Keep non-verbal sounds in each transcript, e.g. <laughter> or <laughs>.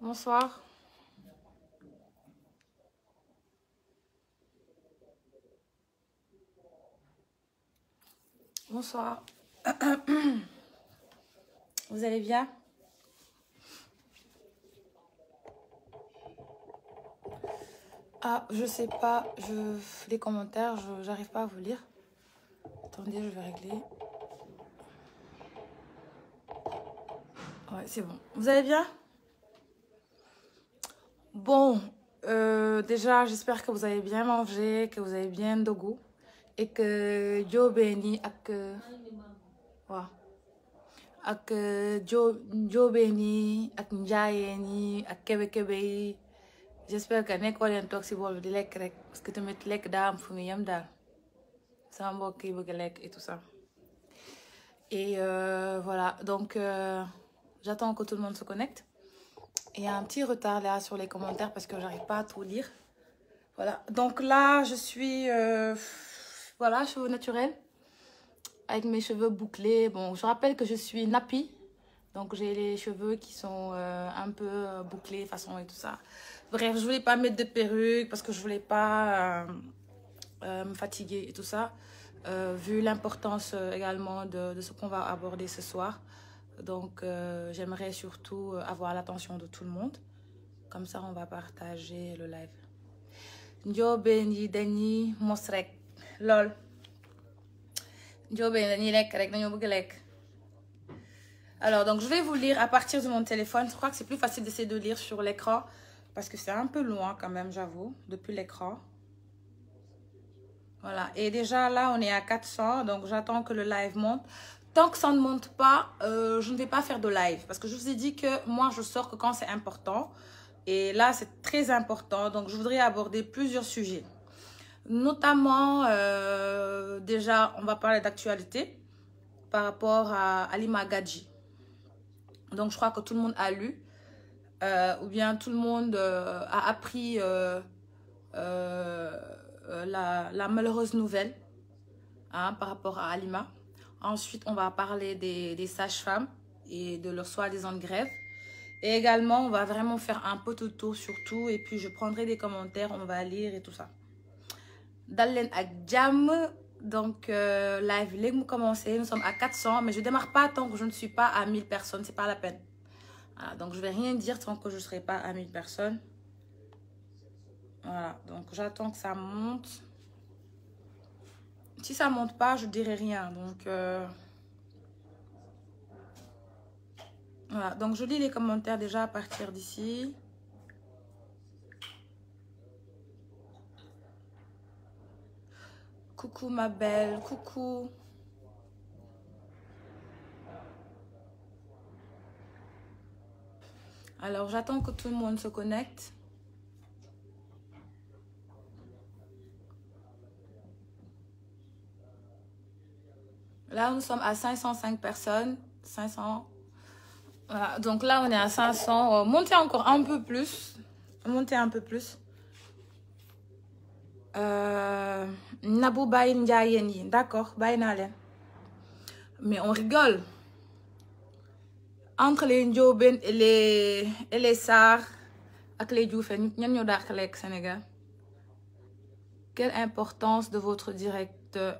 Bonsoir. <clears throat> Vous allez bien ah, je sais pas, je les commentaires, j'arrive pas à vous lire. Attendez, je vais régler. c'est bon. Vous allez bien Bon, euh, déjà, j'espère que vous avez bien mangé, que vous avez bien dogu et que Dieu bénit ak euh, waaw ak euh, Dieu Dieu bénit ak njaayeen yi ak kebe-kebe yi j'espère que nekkoo leen toog si bool bi di lekk rek parce que tamit lekk daa am fu mu yem daal sama mbokk yi bëgg lekk et tout ça et euh, voilà donc euh, j'attends que tout le monde se connecte Il y a un petit retard là sur les commentaires parce que j'arrive pas à tout lire. Voilà. Donc là, je suis... Euh, voilà, cheveux naturels. Avec mes cheveux bouclés. Bon, je rappelle que je suis nappy. Donc j'ai les cheveux qui sont euh, un peu euh, bouclés, façon et tout ça. Bref, je voulais pas mettre de perruque parce que je voulais pas euh, euh, me fatiguer et tout ça. Euh, vu l'importance également de, de ce qu'on va aborder ce soir. Donc, euh, j'aimerais surtout euh, avoir l'attention de tout le monde. Comme ça, on va partager le live. Njóobeen yi dañuy mos rek lool Njóobeen dañuy lekk rek dañoo bëgg lekk. Alors, donc, je vais vous lire à partir de mon téléphone. Je crois que c'est plus facile d'essayer de lire sur l'écran parce que c'est un peu loin quand même, j'avoue, depuis l'écran. Voilà, et déjà là, on est à 400, donc j'attends que le live monte. tant que ça ne monte pas, euh, je ne vais pas faire de live. Parce que je vous ai dit que moi, je sors que quand c'est important. Et là, c'est très important. Donc, je voudrais aborder plusieurs sujets. Notamment, euh, déjà, on va parler d'actualité par rapport à Ali Magadji. Donc, je crois que tout le monde a lu. Euh, ou bien tout le monde euh, a appris euh, euh, la, la, malheureuse nouvelle hein, par rapport à Alima. Ensuite, on va parler des, des sages-femmes et de leur soi-disant grève. Et également, on va vraiment faire un peu de tour sur tout. Et puis, je prendrai des commentaires, on va lire et tout ça. Dalen ak jam. Donc, euh, live, les nous commencer. Nous sommes à 400, mais je démarre pas tant que je ne suis pas à 1000 personnes. C'est pas la peine. Voilà, donc, je vais rien dire tant que je ne serai pas à 1000 personnes. Voilà, donc j'attends que ça monte. Si ça monte pas, je dirai rien. Donc, euh... voilà. Donc, je lis les commentaires déjà à partir d'ici. Coucou ma belle, coucou. Alors, j'attends que tout le monde se connecte. Là, nous sommes à 505 personnes. 500. Voilà. Donc là, on est à 500. Euh, montez encore un peu plus. Montez un peu plus. Euh, Nabou Baye Ndiayeni. D'accord. Baye Mais on rigole. Entre les Ndioben et les, et les Sars, avec les Djoufen, nous sommes Sénégal. Quelle importance de votre direct euh,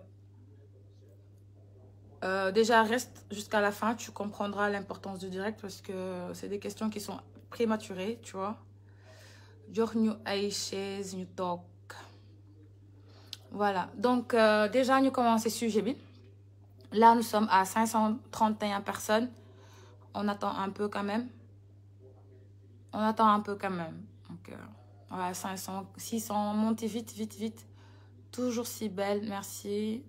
Euh, déjà, reste jusqu'à la fin, tu comprendras l'importance du direct parce que c'est des questions qui sont prématurées, tu vois. Voilà, donc euh, déjà, nous commençons sujet. Là, nous sommes à 531 personnes. On attend un peu quand même. On attend un peu quand même. Donc, euh, voilà, vite, vite, vite. Toujours si belle, merci.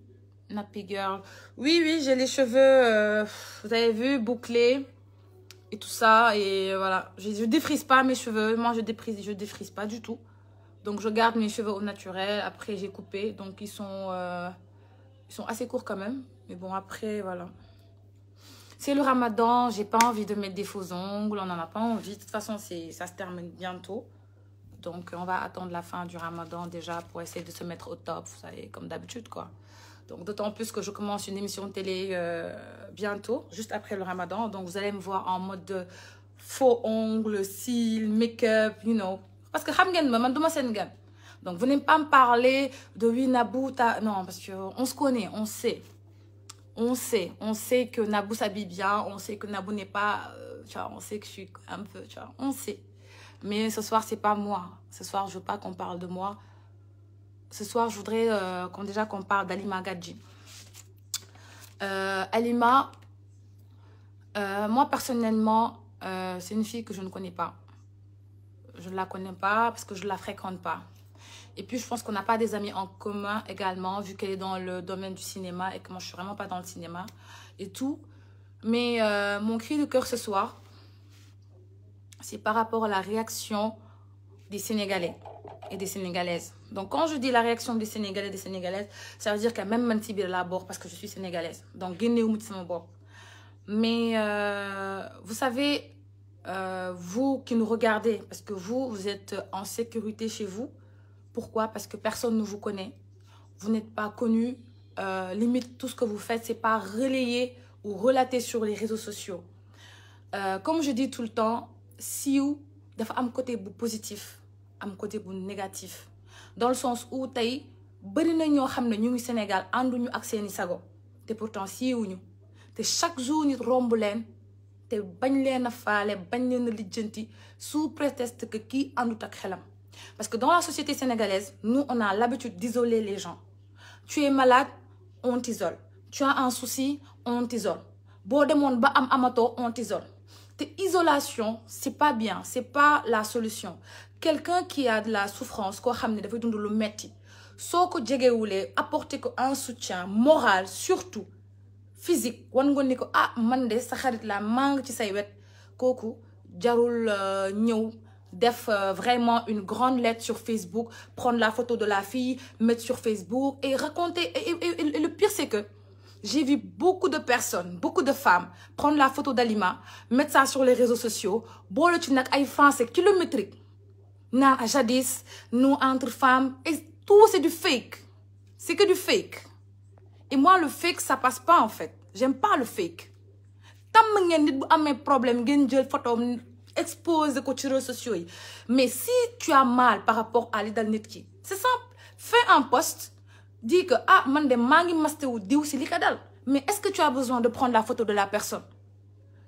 Nappy girl. Oui, oui, j'ai les cheveux, euh, vous avez vu, bouclés et tout ça. Et voilà, je, je défrise pas mes cheveux. Moi, je défrise, je défrise pas du tout. Donc, je garde mes cheveux au naturel. Après, j'ai coupé. Donc, ils sont, euh, ils sont assez courts quand même. Mais bon, après, voilà. C'est le ramadan. J'ai pas envie de mettre des faux ongles. On n'en a pas envie. De toute façon, ça se termine bientôt. Donc, on va attendre la fin du ramadan déjà pour essayer de se mettre au top. Vous savez, comme d'habitude, quoi. Donc d'autant plus que je commence une émission de télé euh, bientôt, juste après le ramadan. Donc vous allez me voir en mode de faux ongles, cils, make-up, you know. Parce que donc venez pas me parler de oui Nabou, non parce que on se connaît, on sait. On sait, on sait que Nabou s'habille bien, on sait que Nabou n'est pas euh, on sait on sait. Mais ce soir c'est pas moi. Ce soir je veux pas qu'on de moi ce soir, je voudrais euh, qu'on déjà qu'on parle d'Alima Gadji. Euh, Alima, euh, moi personnellement, euh, c'est une fille que je ne connais pas. Je ne la connais pas parce que je ne la fréquente pas. Et puis, je pense qu'on n'a pas des amis en commun également, vu qu'elle est dans le domaine du cinéma et que moi, je ne suis vraiment pas dans le cinéma et tout. Mais euh, mon cri de cœur ce soir, c'est par rapport à la réaction des Sénégalais. et des Sénégalaises. Donc quand je dis la réaction des Sénégalais et des Sénégalaises, ça veut dire que même man si parce que je suis sénégalaise donc génneewuma ci sama Mais euh, vous savez euh, vous qui nous regardez parce que vous vous êtes en sécurité chez vous. Pourquoi? Parce que personne ne vous connaît. Vous n'êtes pas connu. Euh, limite tout ce que vous faites, c'est pas relayé ou relaté sur les réseaux sociaux. Euh, comme je dis tout le temps siiw dafa am am côté bu négatif dans le sens où tey bëri na ñoo xam ne ñu ngi Sénégal ànduñu ak seeni sago te pourtant siiwuñu te chaque jour nit romb leen te bañ leen a faale bañ leen lijjanti sous prétexte que kii àndut ak xelam parce que dans la société sénégalaise nous on a l'habitude d'isoler les gens tu es malade on t'isole tu as un souci on boo demoon ba am amatoo on te isolation c'est pas bien c'est pas la solution quelqu'un qui a de la souffrance koo xam ne dafa dund lu metti soo ko jegewulee apporter ko un soutien moral surtout physique wan nga ni ko ah man de sa xarit la mang ci say wet kooku jarul euh, ñëw def euh, vraiment une grande lettre sur Facebook prendre la photo de la fille mettre sur Facebook et raconter et, et, et, le pire c'est que j'ai vu beaucoup de personnes beaucoup de femmes prendre la photo d'Alima mettre ça sur les réseaux sociaux boole ci nag ay français kilométrique naan à jadis nous entre femmes et tout c'est du fake c'est que du fake et moi le fake ça passe pas en fait j'aime pas le fake tàmm ngeen nit bu amee problème ngeen jël photo exposer ko ci réseaux sociaux yi mais si tu as mal par rapport à li dal nit ki c'est simple fais un post dis que ah man de maa ngi mastewu diw si li ka dal mais est-ce que tu as besoin de prendre la photo de la personne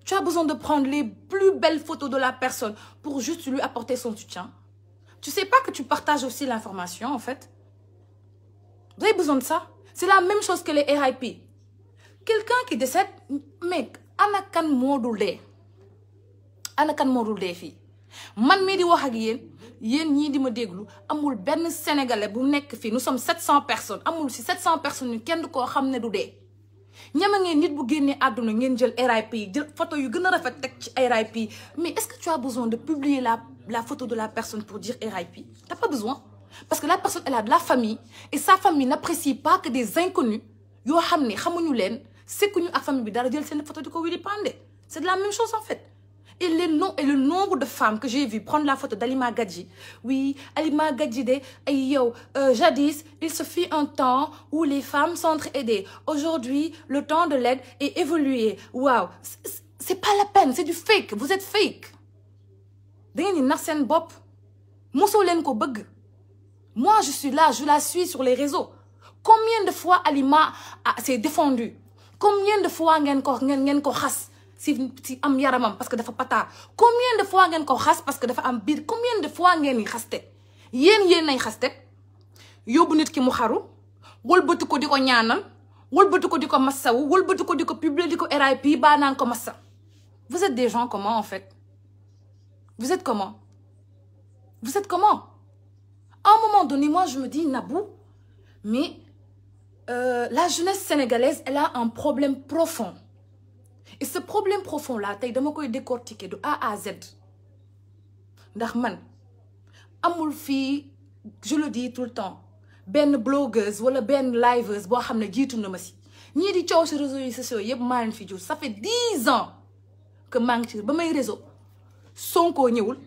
tu as besoin de prendre les plus belles photos de la personne pour juste lui apporter son Tu sais pas que tu partages aussi l'information, en fait. Vous avez besoin de C'est la même chose que les RIP. Quelqu'un qui décède, mec, ana kan moo dul dee ana moo dul dee fii man mii di wax ak yéen yéen ñii di ma déglu amul benn sénégalais bu nekk fii nu nous sommes 700 personnes amul si 700 personnes yu kenn koo xam ne du dee. ñama ngeen nit bu génnee àdduna ngeen jël RIP yi jël photo yu gën a rafet teg ci RIP yi mais est-ce que tu as besoin de publier la la photo de la personne pour dire RIP t'as pas besoin parce que la personne elle a de la famille et sa famille n'apprécie pas que des inconnus yoo xam ne xamuñu leen sekkuñu ak famille bi dara jël seen photo di ko wili pande c'est de la même chose en fait et les noms le nombre de femmes que j'ai vu prendre la photo d'Alima Gadji oui Alima Gadji de ay yow euh, jadis il se fit un temps où les femmes s'entraidaient aujourd'hui le temps de l'aide est évolué waaw c'est pas la peine c'est du fake vous êtes fake da ngeen di nax seen bopp mosoo leen ko bëgg moi je suis là je la suis sur les réseaux combien de fois Alima s'est défendue combien de fois ngeen ko ngeen ngeen ko xas si si am yaramam parce que dafa pata combien de fois ngeen ko xas parce que dafa am biir combien de fois ngeen yi xaste yéen yéen nay xaste yóbbu nit ki mu xaru wëlbati ko di ko ñaanal wëlbati ko di ko massawu wëlbati ko di ko publier di ko RIP baa naan ko massa vous êtes des gens comment en fait vous êtes comment vous êtes comment un moment donné moi je me dis Nabou mais euh, la jeunesse sénégalaise elle a un problème profond et ce problème profond là tey dama koy décortiquer du A à Z ndax man amul fii je le tout le temps benn blogueuse wala benn liveuse boo xam ne jiitu na ma si ñii di coow si réseau yi sociaux yëpp maa leen fi jur ça fait dix ans que maa ngi ci ba may réseau Sonko ñëwul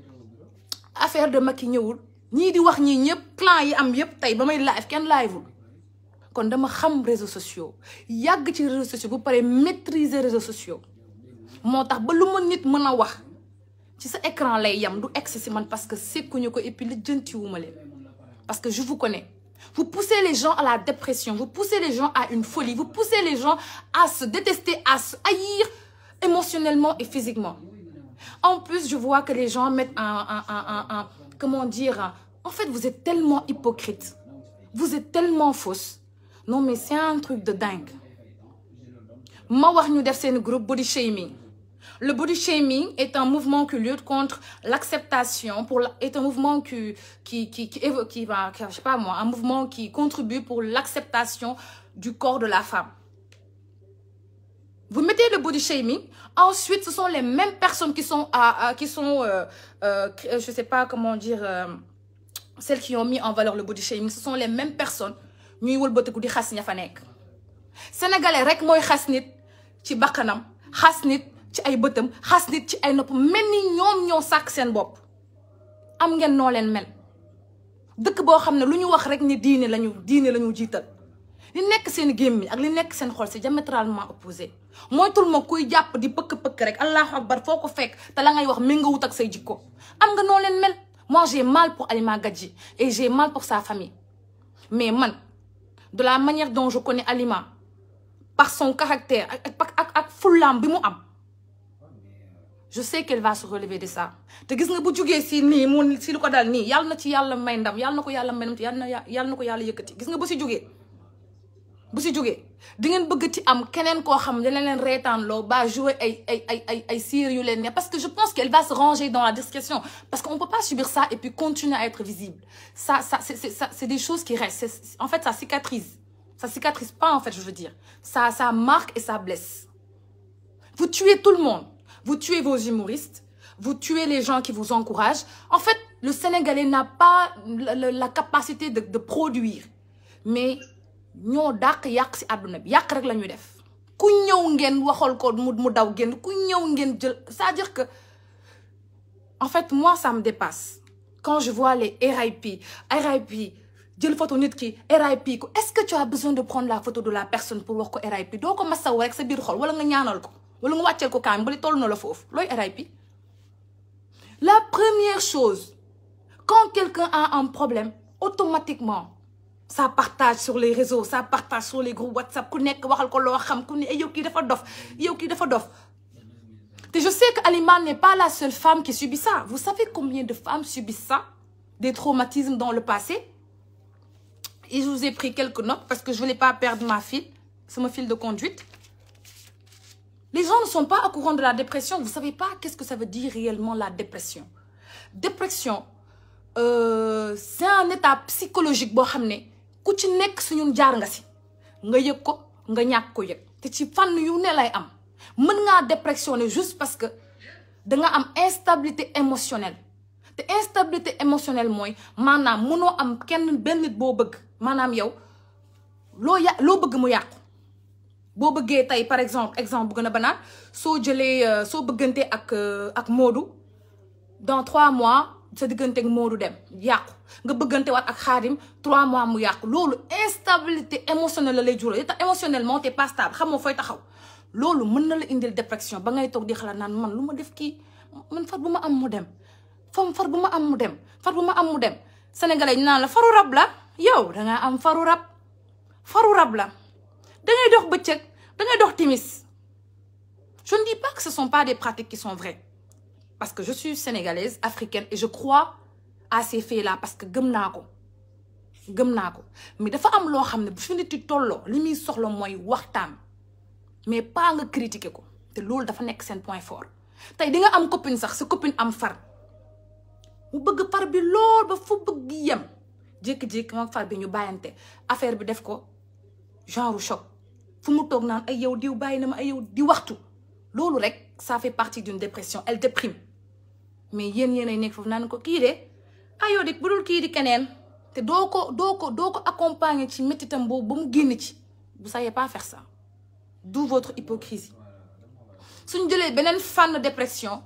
affaire de ki ñëwul ñii di wax ñii ñëpp clan yi am yëpp tey ba may live kenn liveul kon dama xam réseaux sociaux yàgg ci réseaux sociaux bu pare maîtriser réseaux sociaux moo tax ba lu ma nit mën a wax ci sa écran lay yam du egg si man parce que sekkuñu ko et puis lijjantiwuma leen parce que je vous connais vous poussez les gens à la dépression vous poussez les gens à une folie vous poussez les gens à se détester à se haïr émotionnellement et physiquement en plus je vois que les gens mettent un un un un un comment dire en fait vous êtes tellement hypocrite vous non mais c'est un truc de dingue ma wax ñu def seen groupe body shaming le body shaming est un mouvement qui lutte contre l'acceptation pour la, est un mouvement qui qui qui qui, qui ben, je sais pas moi un mouvement qui contribue pour l'acceptation du corps de la femme vous mettez le body shaming ensuite ce sont les mêmes personnes qui sont à, à qui sont euh, euh, je sais pas comment dire euh, celles qui ont mis en valeur le body shaming ce sont les mêmes personnes ñuy wëlbatiku di xas ña fa nekk sénégalais rek mooy xas nit ci bakkanam xas nit ci ay bëtam xas nit ci ay nopp mel ni ñoom ñoo sàkk seen bopp am ngeen noo leen mel dëkk boo xam ne lu ñu wax rek ni diine lañu diine lañu jiital li nekk seen gémmiñ ak li nekk seen xol si diamétralement opposé moytul ma kuy jàpp di pëkk-pëkk rek allahu akbar foo ko fekk te la ngay wax méngoowut ak say jikko am nga noo leen mel moi j'ai mal pour Alima Gadji et mal mais man de la manière dont je connais aliment par son caractère ak ak ak fullaam bi mu am je sais qu'elle va se relever de ça te gis nga bu jugee si nii mu si lu ko dal nii yàlla na ci yàlla may ndam yàlla na ko yàlla may ti yàlla na yàlla na ko yàlla yëkkati gis nga bu si jugee bu si jógee di ngeen bëgg ci am keneen koo xam dina leen reetaanloo ba jouer ay ay ay ay ay siir yu leen parce que je pense qu'elle va se ranger dans la discrétion parce qu'on peut pas subir ça et puis continuer à être visible ça ça c'est ça c'est des choses qui restent en fait ça cicatrise pas en fait je veux dire ça ça vous tuez tout le monde vous tuez vos humoristes vous tuez les gens qui vous encouragent en fait le Sénégalais n'a pas la, la, la capacité de de produire mais ñoo dàq yàq si àdduna bi yàq rek la ñuy def ku ñëw ngeen waxal ko mu mu daw génn ku ñëw ngeen jël c'est-à-dire que en fait moi ça me dépasse quand je vois les RIP jël photo nit ki RIP ko est-ce que tu as besoin de prendre la photo de la personne pour wax ko RIP doo ko masaw rek sa biir xol wala nga ñaanal ko wala nga wàcceel ko kaam bali toll na la foofu looy RIP la première chose quand quelqu'un a un problème automatiquement ça partage sur les réseaux ça partage sur les groupes WhatsApp ku nekk waxal ko loo xam ku ne eh, yow kii dafa dof yow kii dafa dof te je sais que Alima n'est pas la seule femme qui subit ça vous savez combien de femmes subissent ça des traumatismes dans le passé et je vous ai pris quelques notes parce que je voulais pas perdre ma file sama fil de conduite les gens ne sont pas au courant de la dépression vous savez pas qu'est-ce que ça veut dire réellement la dépression dépression euh, c'est un état psychologique boo xam ne ku ci nekk si ñun jaar nga si nga yëg ko nga ñàkk ko yëg te ci fànn yu ne lay am mën ngaa dépressionner juste parce que danga am instabilité émotionnelle te instabilité émotionnelle mooy maanaam mënoo am kenn benn boo bëgg maanaam yow loo ya loo bëgg mu yàqu boo bëggee tey par exemple exemple bu gën a banaan soo jëlee euh, soo bëggantee ak euh, ak Modou dans trois mois sa diggante moo Modou dem yàqu nga bëggante waat ak Xaadim trois mois mu yàqu loolu instabilité émotionnelle la lay jural état émotionnellement t'es pas stable xamoo fooy taxaw loolu mën na la indil dépression ba ngay toog di xalaat naan man lu ma def kii man far bu ma am mu dem fam far bu ma am mu dem far bu ma am dem sénégalais ñu naan la faru rab la yow dangaa am faru rab faru rab la dangay dox bëccëg dangay dox timis je ne dis pas que ce sont pas des pratiques qui sont vraies parce que je suis sénégalaise africaine et je crois à ces faits-là parce que gëm naa ko gëm naa ko mais dafa am loo xam ne bu fi nit tolloo li muy soxla mooy waxtaan mais pas nga critiquer ko te loolu dafa nekk seen point fort tey di nga am copine sax sa koppin am far mu bëgg far bi lool ba fu bëgg yem jékki-jékki moom far bi ñu bàyyante affaire bi def ko genre choc fu mu toog naan ay yow diw bàyyi na ma ay yow di waxtu loolu rek ça fait partie d'une dépression elle mais yéen yéenay nekk naa naan ko kii de ayoo ah de budul kii di keneen te doo ko doo ko doo ko accompagner ci méttitam boobu ba mu génn ci bu savez pas faire ça d'où votre hypocrisie suñ jëlee beneen fànn dépression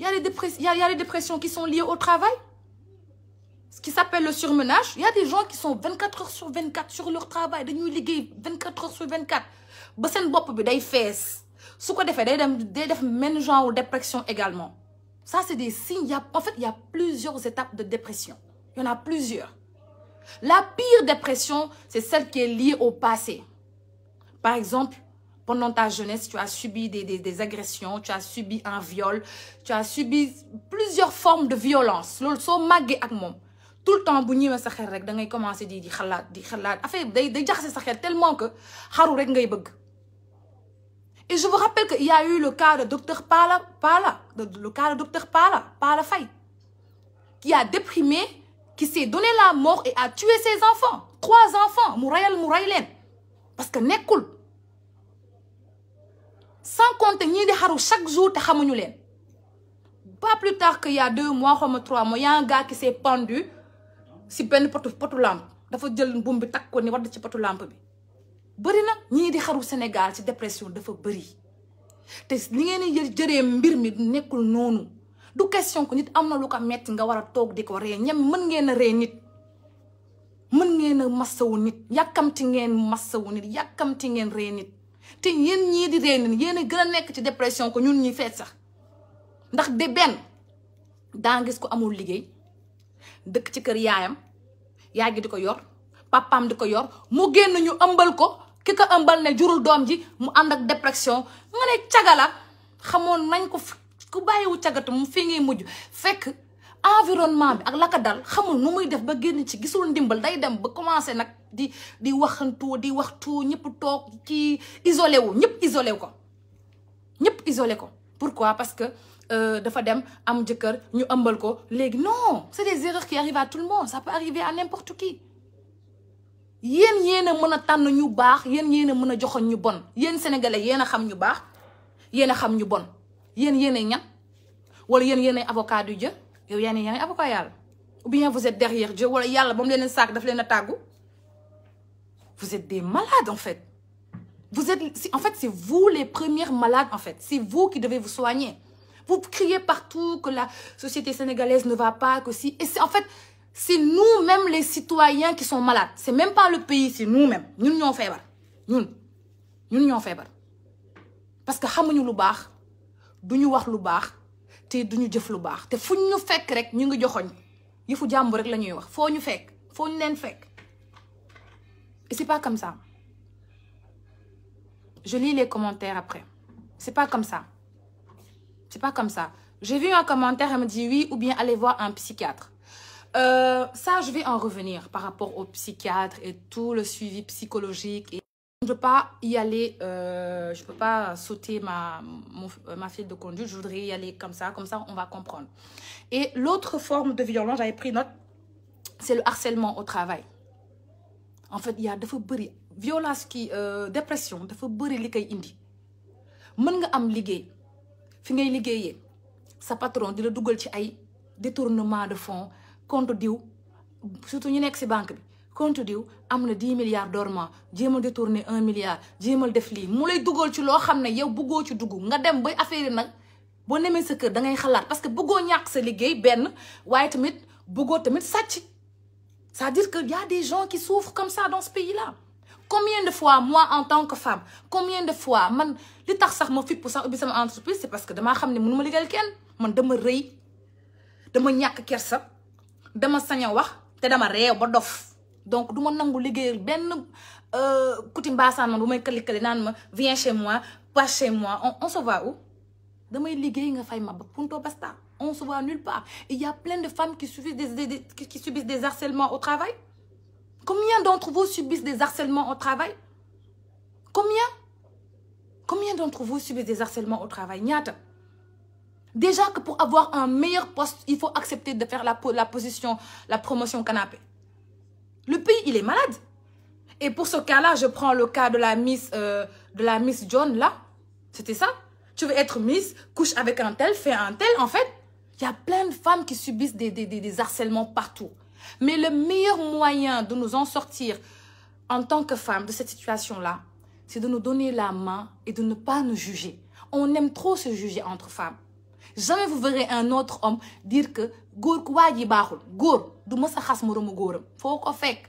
y de des dépres y a y a des dépressions qui sont liées au travail ce qui s'appelle le surmenage y a des gens qui sont 24 heures sur leur travail dañuy liggéey 24 heures sur 24 ba seen bopp bi day fees su ko defee day dem day def menn genre dépression également. Ça, c'est des signes. Il y a, en fait, il y plusieurs étapes de dépression. Il y en a plusieurs. La pire dépression, c'est celle qui est liée au passé. Par exemple, pendant ta jeunesse, tu as subi des, des, des agressions, tu as subi un viol, tu as subi plusieurs formes de violence. loolu soo màggee ak moom tout le temps bu ñëwee sa xel rek da ngay commencer di di xalaat di xalaat affaire day day se sa xel tellement que xaru rek ngay bëgg. Et je vous rappelle qu'il y a eu le cas de docteur Pala, Pala le cas de docteur Pala, Pala Faye, qui a déprimé, qui s'est donné la mort et a tué ses enfants. Trois enfants, Mourayel Mouraylen. Parce que nekkul cool. Sans compter ni de haru chaque jour, Pas plus tard qu'il y a deux mois, trois mois, il y a un gars pendu si benn potu potu lampe. Dafa jël boum bi tak ko ni wad ci potu lampe bi. bëri na ñii di xaru Sénégal ci dépression dafa bëri te ni ngeen di jëree mbir mi nekkul noonu du question ko nit am na lu ko metti nga war a toog di ko ree ñem mën ngeen a ree nit mën ngeen a massawu nit yàkkamti ngeen massawu nit yàkkamti ngeen ree nit te yéen ñii di ree nit yéen gën a nekk ci dépression ko ñu ñuy feet sax ndax de benn daa gis ko amul liggéey dëkk ci kër yaayam yàgg di ko yor papaam di ko yor mu génn ñu ëmbal ko ki ko ëmbal ne jurul doom ji mu ànd ak dépression nga ne caga xamoon nañ ko ku bàyyiwu cagatu mu fii ngay mujj fekk environnement bi ak la ko dal xamul nu muy def ba génn ci gisul ndimbal day dem ba commencé nag di di waxantu di waxtu ñëpp toog ci isolé wu ñëpp isolé ko ñëpp isolé ko pourquoi parce que euh, dafa dem am jëkkër ñu ëmbal ko léegi non c'est des erreurs qui arrivent à tout le monde ça peut arriver à n'importe qui yéen yéen a mën a tànn ñu baax yéen yéen a mën a joxoon ñu bon yéen sénégalais yéen a xam ñu baax yéen a xam ñu bon yéen yéen ay ñan wala yéen yéen ay avocat du Dieu yow yaa ne yaa ne avocat yàlla ou bien vous êtes derrière Dieu wala yàlla ba mu leen saak daf leen a tàggu vous êtes des malades en fait vous êtes en fait c'est vous les premiers malades en fait c'est vous qui devez vous soigner vous criez partout que la société sénégalaise ne va pas si et c'est en c'est nous même les citoyens qui sont malades c'est même pas le pays c'est nous-mêmes ñun ñoo feebar ñun ñun ñoo feebar parce que xamuñu lu baax ñu wax lu baax te duñu jëf lu baax te fuñ ñu fekk rek ñu ngi joxoñ yëfu jàmbu rek lañuy wax foo ñu fekk foo ñu leen fekk et c'est pas comme ça je lis les commentaires après c'est pas comme ça c'est pas comme ça j'ai vu un commentaire elle me dit oui ou bien allez voir un psychiatre Euh, ça, je vais en revenir par rapport aux psychiatres et tout le suivi psychologique. Et je ne peux pas y aller, euh, je ne peux pas sauter ma, mon, euh, ma file de conduite. Je voudrais y aller comme ça, comme ça on va comprendre. Et l'autre forme de violence, j'avais pris note, c'est le harcèlement au travail. En fait, il y a dafa bëri violence qui euh, dépression dafa bëri li koy indi mën nga am liggéey fi ngay liggéeyee sa patron di la dugal ci ay détournement de fonds compte diw surtout ñu nekk si banque bi compte diw am na dix milliards dormant jéemal détourner un milliard jéemal def lii mu lay ci loo xam ne yow bëggoo ci dugg nga dem ba affaire nag boo nemee sa kër da ngay xalaat parce que bëggoo ñàkk sa liggéey benn waaye tamit bëggoo tamit sàcc c'est-à-dire que y a des gens qui souffrent comme ça dans de fois moi en tant que femme combien de fois man li tax sax ma fipp sax ubbi sama entreprise c'est parce que dama xam ne mënu ma liggéeyal kenn man dama rëy dama ñàkk kersa dama sañ a wax te dama réew ba dof donc duma ma nangu liggéeyal benn euh, kuti mbaasaan man bu may këli këli naan ma viens chez moi pas chez moi on se voit où damay liggéey nga fay ma ba punto basta on se voit nulle part il y a plein de femmes qui subissent des, des qui subissent des harcèlements au travail combien d'entre vous subissent des harcèlements au travail combien combien d'entre vous subissent des harcèlements au travail ñaata Déjà que pour avoir un meilleur poste, il faut accepter de faire la, la position, la promotion canapé. Le pays, il est malade. Et pour ce cas-là, je prends le cas de la Miss, euh, de la Miss John, là. C'était ça. Tu veux être Miss, couche avec un tel, fais un tel. En fait, il y a plein femmes qui subissent des, des, des, des harcèlements partout. Mais le meilleur moyen de nous en sortir en tant que femmes de cette situation-là, c'est de nous donner la main et de ne pas nous juger. On aime trop se juger entre femmes. jamais vous verrez un autre homme dire que góor ku waa ji baaxul góor du mës a xas moroomu góoram foo ko fekk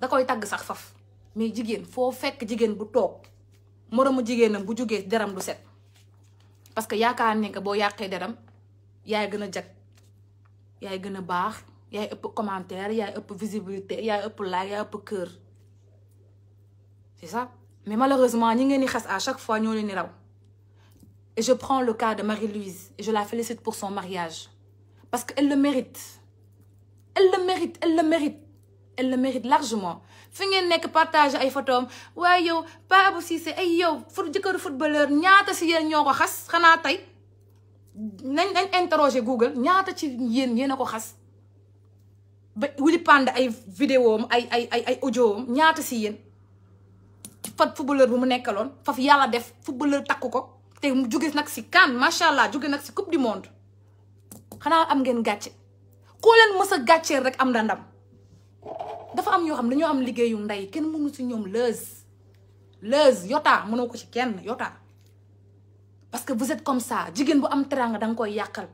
da koy tagg sax faf mais jigéen foo fekk jigéen bu toog moroomu jigéenam bu jógee deram du set parce que yaakaar ne que boo yàqee deram yaay gën a jag yaay gën a baax yaay ëpp commentaire yaay ëpp visibilité yaay ëpp like yaay ëpp cœur c'est ça mais malheureusement ñi ngeen di xas à chaque fois ñoo leen di raw Et je prends le cas de Marie-Louise et je la félicite pour son mariage. Parce qu'elle le mérite. Elle le mérite, elle le mérite. Elle le mérite largement. fi ngeen nekk partage ay photos waaye yow Pa Abou Cissé ay yow fut jëkkëru footballeur ñaata si yéen ñoo ko xas xanaa tey nañ nañ interroger Google ñaata ci yéen yéen a ko xas ba wuli ay vidéo ay ay ay ay audio am ñaata si yéen fat footballeur bu mu nekkaloon faf yàlla def footballeur takku ko te mu jóge nag si CAN macha allah jóge nag si coupe du monde xanaa am ngeen gàcce koo leen mës a rek am na ndam dafa am ñoo xam dañoo am liggéeyu nday kenn mënu ci ñoom lëz lëz yotaa mënoo ko ci kenn yotaa parce que vous êtes comme ça jigéen bu am teraanga da nga koy yàqal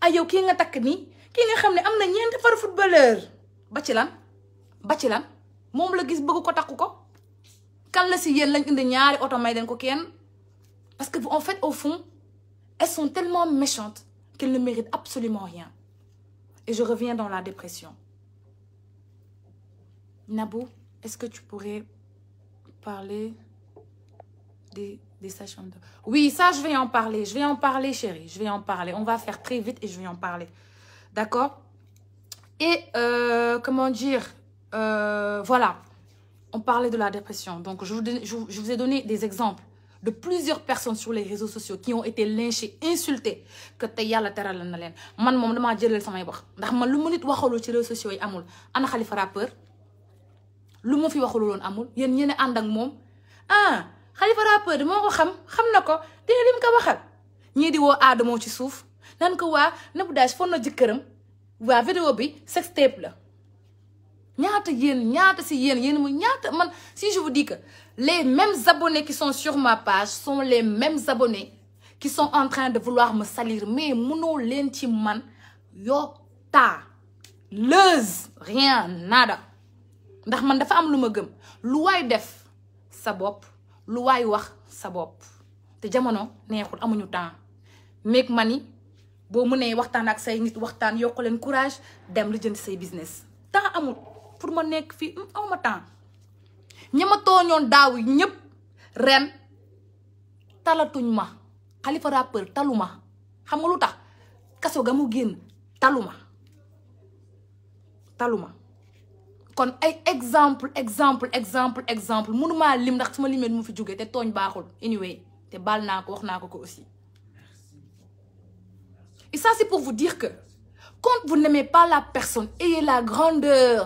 ay yow kii nga takk nii ki nga xam ne am na ñeenti far footballeur ba ci lan ba ci lan moom la gis bëgg ko takk ko kala si yéen lañ indi ñaari oto may den ko kenn Parce que, en fait, au fond, elles sont tellement méchantes qu'elles ne méritent absolument rien. Et je reviens dans la dépression. Nabou, est-ce que tu pourrais parler des, des sachants de... Oui, ça, je vais en parler. Je vais en parler, chérie. Je vais en parler. On va faire très vite et je vais en parler. D'accord Et, euh, comment dire euh, Voilà. On parlait de la dépression. Donc, je vous, je, je vous ai donné des exemples de plusieurs personnes sur les réseaux sociaux qui ont été lynchées insultées que tey yàlla teral na leen man moom damaa jëlal samay wax ndax man lu ma nit waxalul ci réseaux sociaux yi amul ana Khalifa rappeur lu ma fi waxalul woon amul yéen ñi ne ànd ak moom ah Khalifa rappeur di moo ko xam xam na ko dina lim ko waxal ñii di woo aadamoo ci suuf nan ko waa Nabou Dash fon na jëkkëram waa vidéo bi sex tape la ñaata yéen ñaata si yéen yéen mu ñaata man si je vous Les mêmes abonnés qui sont sur ma page sont les mêmes abonnés qui sont en train de vouloir ma salir mais mënoo leen ci man yo temps leuse rien nada ndax man dafa am lu ma gëm lu waay def sa bopp lu waay wax sa bopp te jamono neexul amuñu temps meeg ma ni boo mënee waxtaan ak say nit waxtaan yokk leen courage dem lu jënd say business temps amul pour ma nekk fii mm, aw ma temps ñi ma tooñoon daaw ñëpp ren talatuñ ma xalifa rappeur talu ma xam nga lu tax kaso ga mu génn taluma taluma kon ay exemple exemple exemple exemple mënumaa lim ndax su ma limee mu fi jógee te tooñ baaxul anyway te baal naa ko wax naa ko ko aussi et ça c'est pour vous dire que quand vous n'aimez pas la personne ayez la grandeur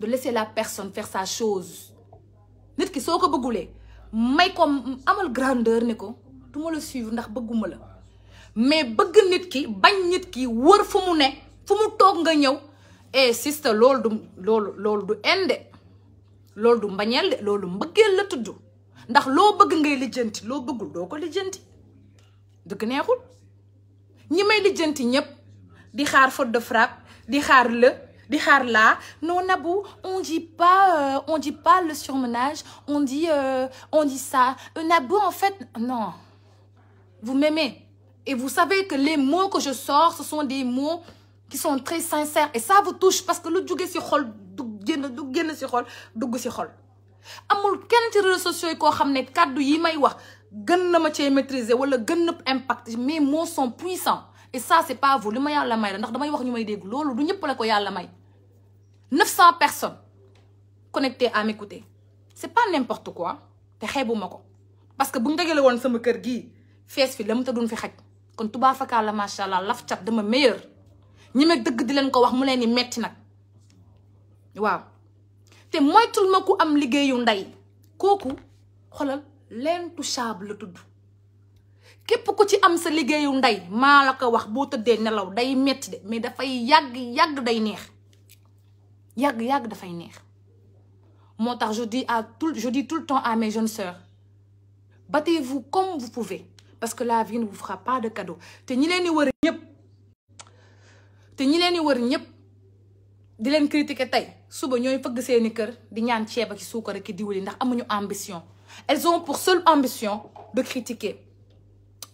de laisser la personne faire sa chose nit ki soo ko bëggulee may ko amal grandeur ni ko du ma la suivre ndax bëgguma la mais bëgg nit ki bañ nit ki wër fu mu ne fu mu toog nga ñëw e eh, sista loolu du loolu du inde loolu du mbañeel de loolu mbëggeel la tudd ndax loo bëgg ngay lijjanti loo bëggul doo ko lijjanti dëgg neexul ñi may lijjanti ñëpp di xaar faute de frappe di xaar la di xaar laa non Nabou on dit pas euh, on dit pas le surmenage on dit euh, on dit ça euh, Nabou en fait non vous m'aimez et vous savez que les mots que je sors ce sont des mots qui sont très sincères et ça vous touche parce que lu jóge si xol du génn du génn ci xol dugg si xol amul kenn ci réseaux sociaux yi koo xam ne kàddu yi may wax gën na ma cee maîtriser wala gën na impact mes mots sont puissants et ça c'est pas vous li ma yàlla may la ndax damay wax ñu may dégg loolu du ñëpp la ko yàlla may 900 personne connectées à m'écouter c'est pas n'importe quoi te xebuma ko parce que bu ñu woon sama kër gi fees fi la mu ta fi xaj kon tubaa fakaa la macha allah laf cat dama meilleur ñi ma dëgg di leen ko wax mu leen ni metti nag waaw te moytul ma ku am liggéeyu ndey kooku xoolal l'intouchable la tudd képp ku ci am sa liggéeyu ndey maa la ko wax boo tëddee nelaw day metti de mais dafay yàgg yàgg day neex yàgg-yàgg dafay neex moo tax je dis à tout je dis tout le temps à mes jeunes sœurs battez-vous comme vous pouvez parce que la vie ne vous fera pas de cadeau te ñi leen di wër ñëpp te ñi leen di wër ñëpp di leen critiquer tey suba ñooy fëgg seeni kër di ñaan ceeb ak suukar ak diwli ndax amuñu ambition elles ont pour seule ambition de critiquer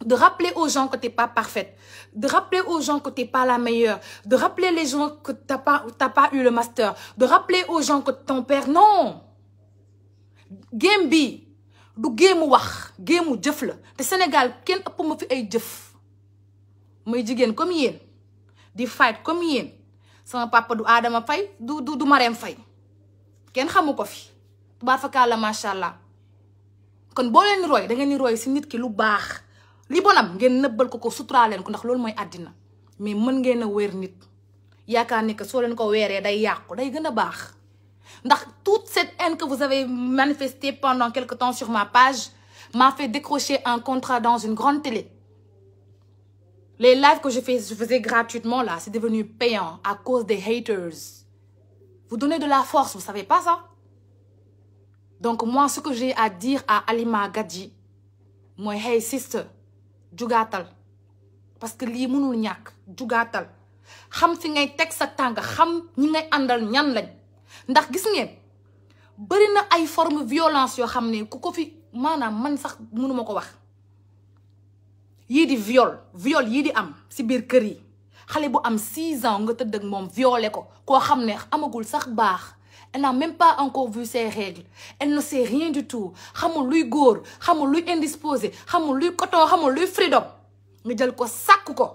de rappeler aux gens que t'es pas parfaite, de rappeler aux gens que t'es pas la meilleure, de rappeler les gens que t'as pas, eu le master, de rappeler aux gens que ton non! Game bi, du géemu wax, géemu jëf la. Te Sénégal, kenn ëpp ma fi ay jëf. mooy jigéen comme yéen, di fight comme yéen. Sama papa du Adama Faye, du du du Marème Faye. Kenn xamu ko fi. Tubaar fa la macha allah. Kon boo leen roy da roy si nit ki lu baax. li bonam ngeen nëbbal ko ko suturaaleen ko ndax loolu mooy addina mais mën ngeen a wéer nit yaakaar ni que soo leen ko weeree day yàqu day gën a baax ndax tout cette haine que vous avez manifestée pendant quelque temps sur ma page m'a fait décrocher un contrat dans une grande télé les lives que je fais je gratuitement là c'est devenu payant à cause des haters vous donnez de la force vous savez pas ça donc moi ce que j'ai à dire à Alima Gadji mooy hey jugaatal parce que lii mënul ñàkk jugaatal xam fi ngay teg sa tànk xam ñi ngay àndal ñan lañ ndax gis ngeen bëri na ay forme violence yoo xam ne ku ko fi maanaam man sax mënuma ko wax yii di viol viol yii di am si biir kër yi xale bu am 6 ans nga tëdd ak moom violé ko koo xam ne amagul sax baax elle n'a même pas encore vu ses règles elle ne sait rien du tout xamul luy góor xamul luy indisposé xamul luy coton xamul luy freedom nga jël ko sàkk ko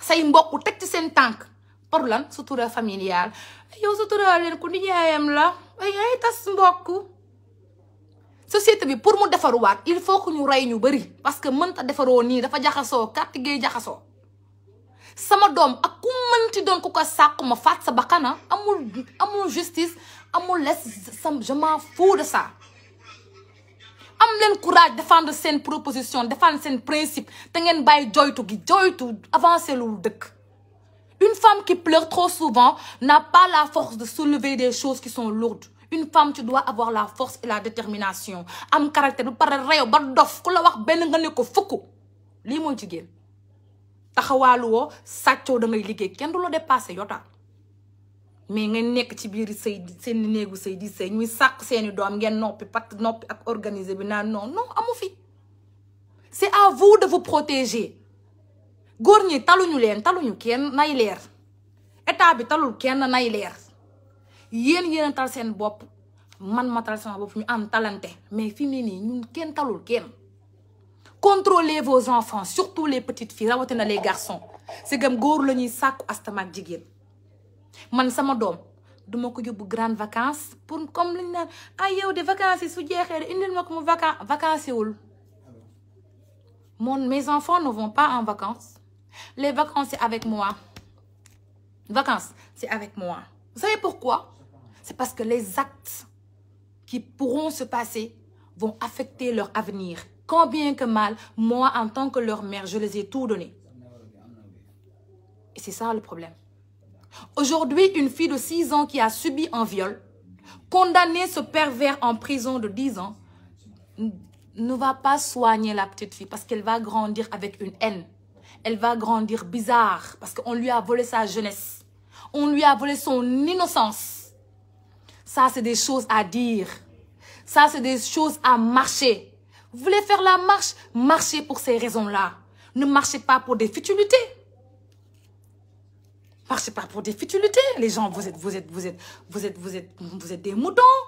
say mbokk teg ci seen tànk pour lan sutura familiale eh, yow sutura leen ku nijaayam la ay ay tas mbokk société bi pour mu defaruwaat il faut que ñu rey ñu bari parce que mënta defaroo nii dafa jaxasoo kàtt gay jaxasoo sama doom ak ku mënti doon ku ko sàkku ma faat sa bakana ah. amul amul justice amul les sam de ça am leen courage défendre seen proposition défendre seen principe te ngeen bàyyi joytu gi joytu avancer lul dëkk une femme qui pleure trop souvent n'a pas la force de soulever des choses qui sont lourdes une femme tu dois avoir la force et la détermination am caractère bu pare reew ba dof ku la wax benn nga ne ko fukk lii moo jigéen taxawaalu woo sàccoo da liggéey kenn du la dépassé yotaa mais ngeen nekk ci biir sëy seen néegu sëy di sëy ñuy sàq seeni doom ngeen noppi pat noppi ak organiser bi naan noonu non amu fi c'est à vous de vous protéger góor ñi taluñu leen taluñu kenn nay leer état bi talul kenn nay leer yéen yéen tal seen bopp man ma tal sama bopp ñu am talante mais fi mu ne nii ñun kenn talul kenn contrôlez vos enfants surtout les petites filles rawatina les garçons c'est gëm góor la ñuy sàkku astamaak jigéen man sama doom duma ko yóbbu grande vacances pour comme liñ naan ay ah, yow vacances yi su jeexee de indil ko mu vaca vacances wul mon mes enfants ne vont pas en vacances les vacances c'est avec moi vacances c'est avec moi vous savez pourquoi c'est parce que les actes qui pourront se passer vont affecter leur avenir quand que mal moi en tant que leur mère je les ai tout donné et c'est ça le problème Aujourd'hui, une fille de 6 ans qui a subi un viol, condamnée ce pervers en prison de 10 ans, ne va pas soigner la petite fille parce qu'elle va grandir avec une haine. Elle va grandir bizarre parce qu'on lui a volé sa jeunesse. On lui a volé son innocence. Ça, c'est des choses à dire. Ça, c'est des choses à marcher. Vous voulez faire la marche Marchez pour ces raisons-là. Ne marchez pas pour des futilités. Marchez pas pour des futilités. Les gens, vous êtes, vous êtes, vous êtes, vous êtes, vous êtes, vous êtes des moutons.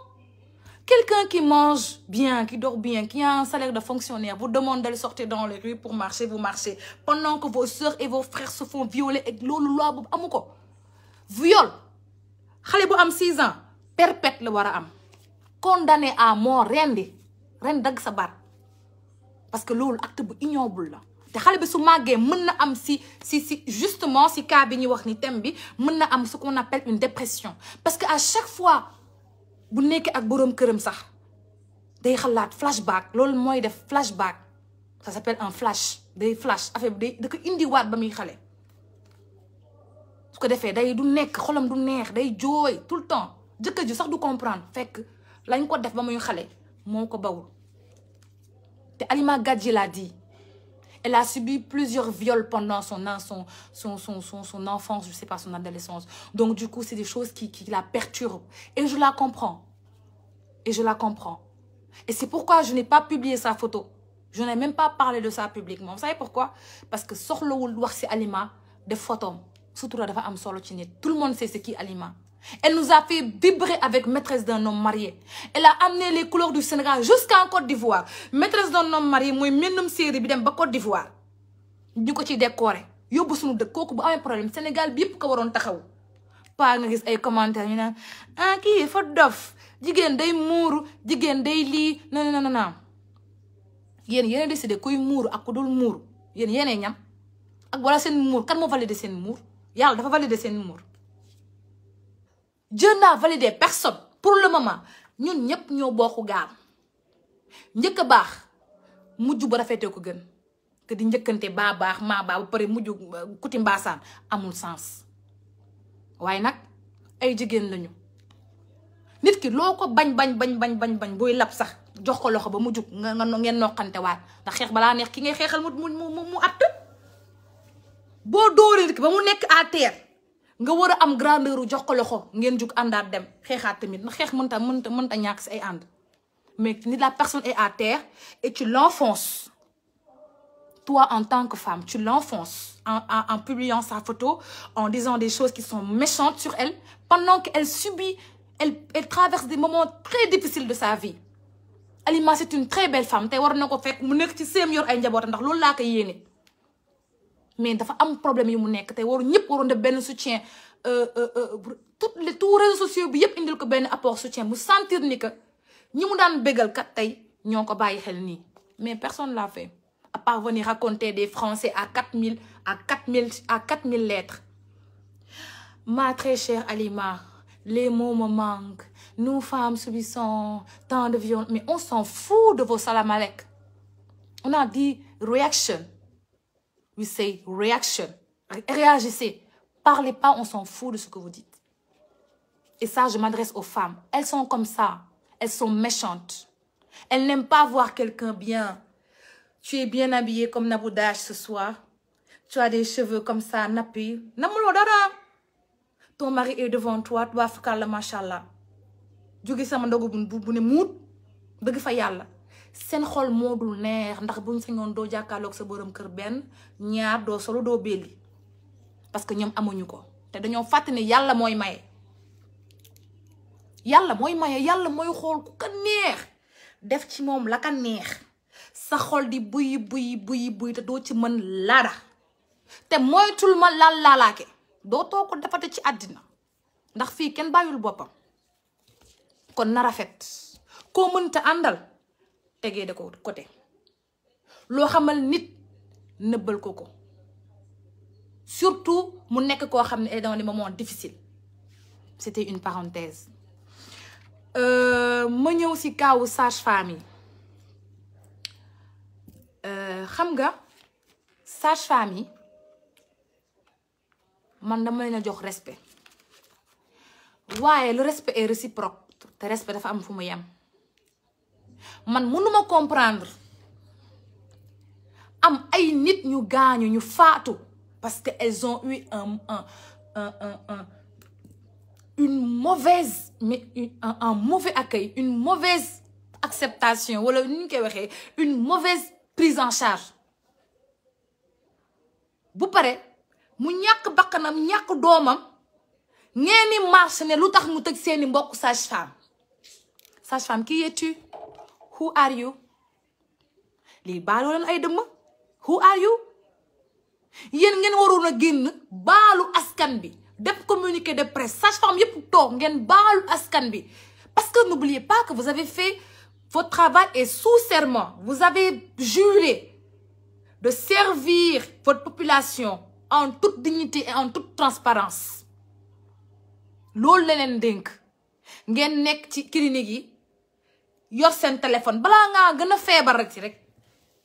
Quelqu'un qui mange bien, qui dort bien, qui a un salaire de fonctionnaire, vous demande d'aller sortir dans les rues pour marcher, vous marchez. Pendant que vos soeurs et vos frères se font violer et lolu loi bobu amuko. Viol. Xalé bu am 6 ans, perpète le wara am. Condamné à mort rendi. Ren dag sa bar. Parce que lolu acte bu ignoble la. xale bi su màggee mën na am si si si justement si cas bi ñuy wax ni thème bi mën na am ce qu'on appelle une dépression parce que à chaque fois bu nekkee ak boroom këram sax day xalaat flashback loolu mooy def flashback ça s'appelle un flash day flash affaire da ko indiwaat ba muy xale su ko defee day du nekk xolam du neex day jooy tout le temps jëkkër ji sax du comprendre fekk lañ ko def ba muy xale moo ko bawul te Halima Gadji laa di Elle a subi plusieurs viols pendant son, son, son, son, son, son enfance, je sais pas, son adolescence. Donc, du coup, c'est des choses qui, qui la perturbent. Et je la comprends. Et je la comprends. Et c'est pourquoi je n'ai pas publié sa photo. Je n'ai même pas parlé de ça publiquement. Vous savez pourquoi Parce que sorlowul wax ci Alima def photom. Surtout dafa am solo ci nit. Tout le monde sait c'est qui Alima. Elle nous a fait vibrer avec Maîtresse d'un homme marié. Elle a amené les couleurs du Sénégal jusqu'en Côte d'Ivoire. Maîtresse d'un homme marié mooy mennum série bi dem ba Côte d'Ivoire. ñu ko ci décorer yóbbu suñu dëkk kooku bu amee problème Sénégal bi yëpp ko waroon taxaw. paa nga gis ay commentaires ñu naan ah kii fa dof jigéen day muuru jigéen day lii non non non yéen yéen a décidé kuy muuru ak ku dul muuru yéen yéenay ñam ak wala seen muur kan moo validé seen muur yàlla dafa validé seen muur. je n'ai validé personne pour le moment ñun ñëpp ñoo bokku gaal njëkk a baax mujj bu rafetee ko gën te di njëkkante baa baax maa baax ba pare mujj kuti mbaasaan amul sens waaye nag ay jigéen lañu nit ki loo ko bañ bañ bañ bañ bañ bañ booy lab sax jox ko loxo ba mu jug nga ngeen noqante waat ndax xeex balaa neex ki ngay xeexal mu mu mu mu at boo dóoree nit ki ba mu nekk à terre nga war a am grandeur jox ko loxo ngeen jug àndaat dem xeexaat tamit na xeex mënta mënta mënta ñàkk si ay ànd mais ni la personne est à terre et tu l'enfonces toi en tant que femme tu l'enfonces en, en en publiant sa photo en disant des choses qui sont méchantes sur elle pendant qu'elle subit elle traverse des moments très difficiles de sa vie Alima c'est une très belle femme tey war na ko fekk mu nekk ci seem ay njaboota ndax loolu laa ko yéene mais dafa am problème yu mu nekk te waru ñëpp waroon def benn soutien euh, euh, euh, tout les tout réseaux sociaux bi yëpp indil ko benn apport soutien mu sentir ni que ñi mu daan bégal kat tey ñoo ko bàyyi xel nii mais personne l'a fait à part raconter des français à quatre mille à quatre mille à quatre mille lettres ma très chère Alima les mots me manquent femmes subissons tant de violence mais on s'en fout de vos salamalecs on a dit we say reaction. Réagissez. Parlez pas, on s'en fout de ce que vous dites. Et ça, je m'adresse aux femmes. Elles sont comme ça. Elles sont méchantes. Elles n'aiment pas voir quelqu'un bien. Tu es bien habillée comme Naboudage ce soir. Tu as des cheveux comme ça, nappés. Ton mari est devant toi, tu dois faire le machallah. seen xol moo dul neex ndax buñ sañoon doo jàkkaarloog sa borom kër benn ñaar doo solo doo belli parce que ñoom amuñu ko te dañoo fàtt ni yàlla mooy maye yàlla mooy maye yàlla mooy xool ku ka neex def ci moom la neex sa xol di buy buy doo ci mën laada te moytul ma laal laalaake doo too ko defate ci àddina ndax fii kenn bàyyul boppam kon na rafet koo mënta àndal tegee da ko côté loo xamal nit nëbbal ko ko surtout mu nekk koo xam ne elle est dans les moments difficiles c'était une parenthèse euh, ma ñëw si kaawu sage-femme yi euh, xam nga sage-femme yi man dama leen a jox respect waaye le respect est réciproque te respect dafa am fu mu yem man mënuma comprendre am ay nit ñu gaañu ñu faatu parce que elles ont eu un un une mauvaise mais un, mauvais acceptation wala nu ñu koy waxee une mauvaise prise en charge bu pare mu ñàkk bakkanam ñàkk doomam ngeen ni ne lu tax mu tëj seeni mbokk sage-femme sage-femme qui es who are you lii baaloo leen ay who are you yéen ngeen waroon a génn baalu askan bi def communiqué de presse sage-femme yëpp toog ngeen baalu askan bi parce que n'oubliez pas que vous avez fait votre travail est sous serment vous avez juré de servir votre population en toute dignité et en toute transparence loolu la leen dénk ngeen nekk ci clinique yi yor seen téléphone balaa ngaa gën a feebar rek ci rek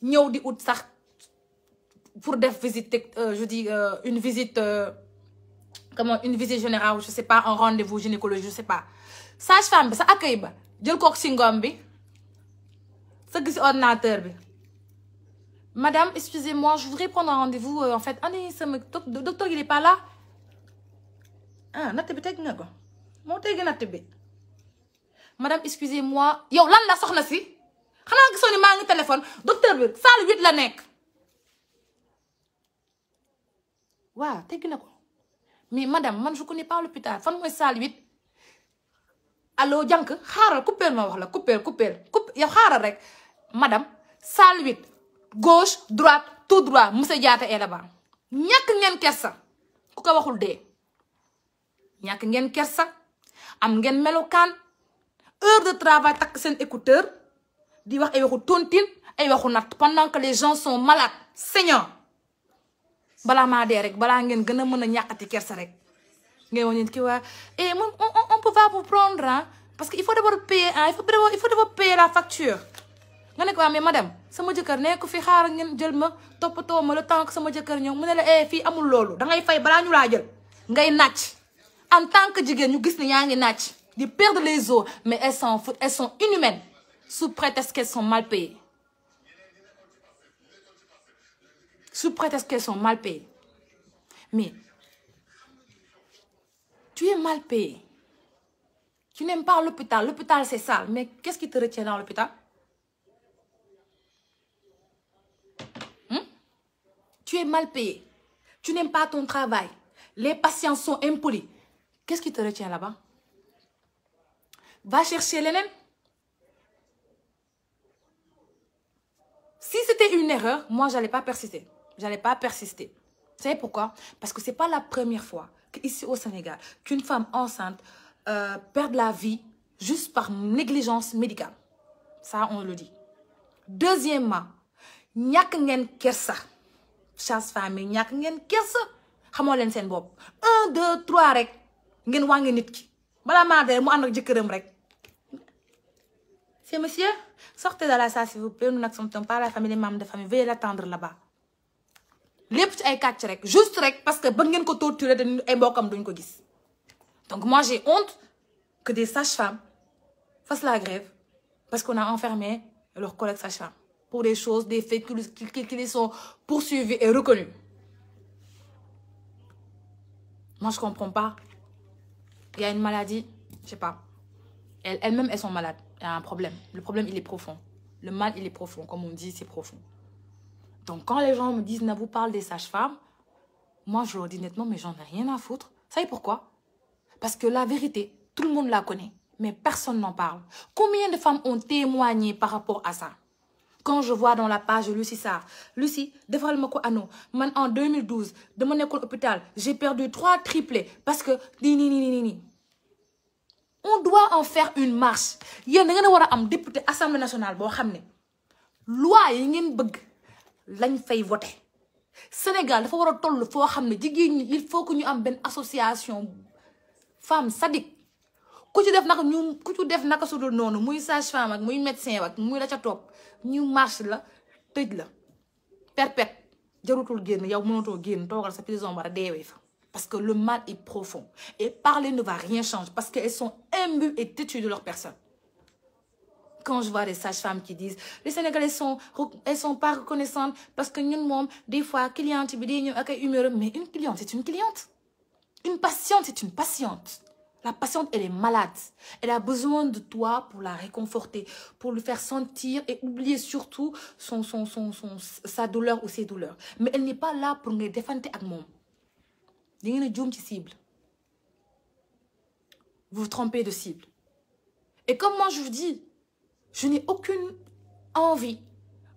ñëw di ut sax pour def visite euh, je dis euh, une visite euh, comment une visite générale je sais pas un rendez-vous gynécologique je sais pas sage-femme bi sa accueil ba jël kook si bi sëgg si ordinateur bi madame excusez-moi je voudrais prendre un rendez-vous en fait ani ah, sama docteur il est pas là ah natt bi teg nga ko moo tegi natt bi madame excusez-moi yow lan la soxna si xanaa gisoo ni maa ngi téléphone docteur bi salle huit la nekk waaw tegg na ko mais madame man je connais pas l'hôpital fan mooy salle huit allo jànk xaaral coupeel ma wax la coupeel coupeel coupe xaaral rek madame salle huit gauche droite tout droit monsieur Diatta est là-bas ñàkk ngeen kersa ku ko waxul dee ñàkk ngeen kersa am ngeen melokaan heure de travail takk seen écouteur di wax ay waxu tontine ay waxu natt pendant que les gens sont malades saignants balaa maa dee rek balaa ngeen gën a mën a ñàkkati kerse rek ngeen wax nit ki waa eh moom on peut pas que il faut d'abord payer ah il faut d'abord il faut la facture ne ko waa ah, mais madame sama jëkkër nekk fi xaar ngeen jël ma toppatoo ma le temps sama jëkkër ñëw mu ne la eh amul loolu da fay balaa ñu laa jël ngay naaj en tant que jigéen ñu gis ne ñaa ngi naaj. de perdre les os, mais elles s'en foutent, elles sont inhumaines, sous prétexte qu'elles sont mal payées. Sous prétexte qu'elles sont mal payées. Mais tu es mal payé. Tu n'aimes pas l'hôpital. L'hôpital, c'est sale. Mais qu'est-ce qui te retient dans l'hôpital? Hmm? Tu es mal payé. Tu n'aimes pas ton travail. Les patients sont impolis. Qu'est-ce qui te retient là-bas? va chercher leneen si c'était une erreur moi j'allais pas persister j'allais pas persister vous savez pourquoi parce que c'est pas la première fois que ici au Sénégal qu'une femme enceinte euh, perd la vie juste par négligence médicale ça on le dit deuxièmement ñàkk ngeen kersa chasse famille ñàkk ngeen kersa xamoo leen seen bopp un deux trois rek ngeen wàññi nit ki balaa maa dee mu ànd jëkkëram rek C'est monsieur, sortez de la salle s'il vous plaît, nous n'acceptons pas la famille des membres de famille, veuillez l'attendre là-bas. lépp ci ay kàcc rek juste rek parce que ba ngeen ko torturer dañ ay mbokkam duñ ko gis donc moi j'ai honte que des sages-femmes fassent la grève parce qu'on a enfermé leurs collègues sages-femmes pour des choses des faits qui, qui, qui les sont poursuivis et reconnus moi je comprends pas il y a une maladie je sais pas elles, elles-mêmes il y a un problème. Le problème, il est profond. Le mal, il est profond. Comme on dit, c'est profond. Donc, quand les gens me disent, Nabou parle des sages-femmes, moi, je leur dis nettement, mais j'en ai rien à foutre. Vous savez pourquoi Parce que la vérité, tout le monde la connaît, mais personne n'en parle. Combien de femmes ont témoigné par rapport à ça quand je vois dans la page Lucie Sarr Lucie defaral ma ko anneau man en 2012 dama nekkoon hôpital j'ai perdu trois triplés parce que nii nii nii nii nii on doit en faire une marche yéen ngeen a war a am député assemblée nationale boo xam ne loi yi ngeen bëgg lañ fay voté Sénégal dafa war a toll foo xam ne jigéen ñi il faut que ñu am benn association femme sadique ku ci def naka ñu ku ci def naka su dul noonu muy sage-femme ak muy médecin ak muy la ca toog ñu marche la tëj la perpète jarutul génn yow mënatoo génn toogal sa prison bara deewee fa Parce que le mal est profond. Et parler ne va rien changer parce qu'elles sont émues et têtues de leur personne. Quand je vois des sages-femmes qui disent les Sénégalais elles sont pas reconnaissantes parce que ñun moom des fois cliente bi di ñëw ak ay humeur mais une cliente c'est une cliente. Une patiente c'est elle est malade. Elle a besoin de toi pour la réconforter, pour lui faire sentir et oublier surtout son son son son sa douleur ou ses douleurs. Mais pour ngay defante ak moom. di ngeen a juum ci cible vous vous trompez de cible et comme moi je vous dis je n'ai aucune envie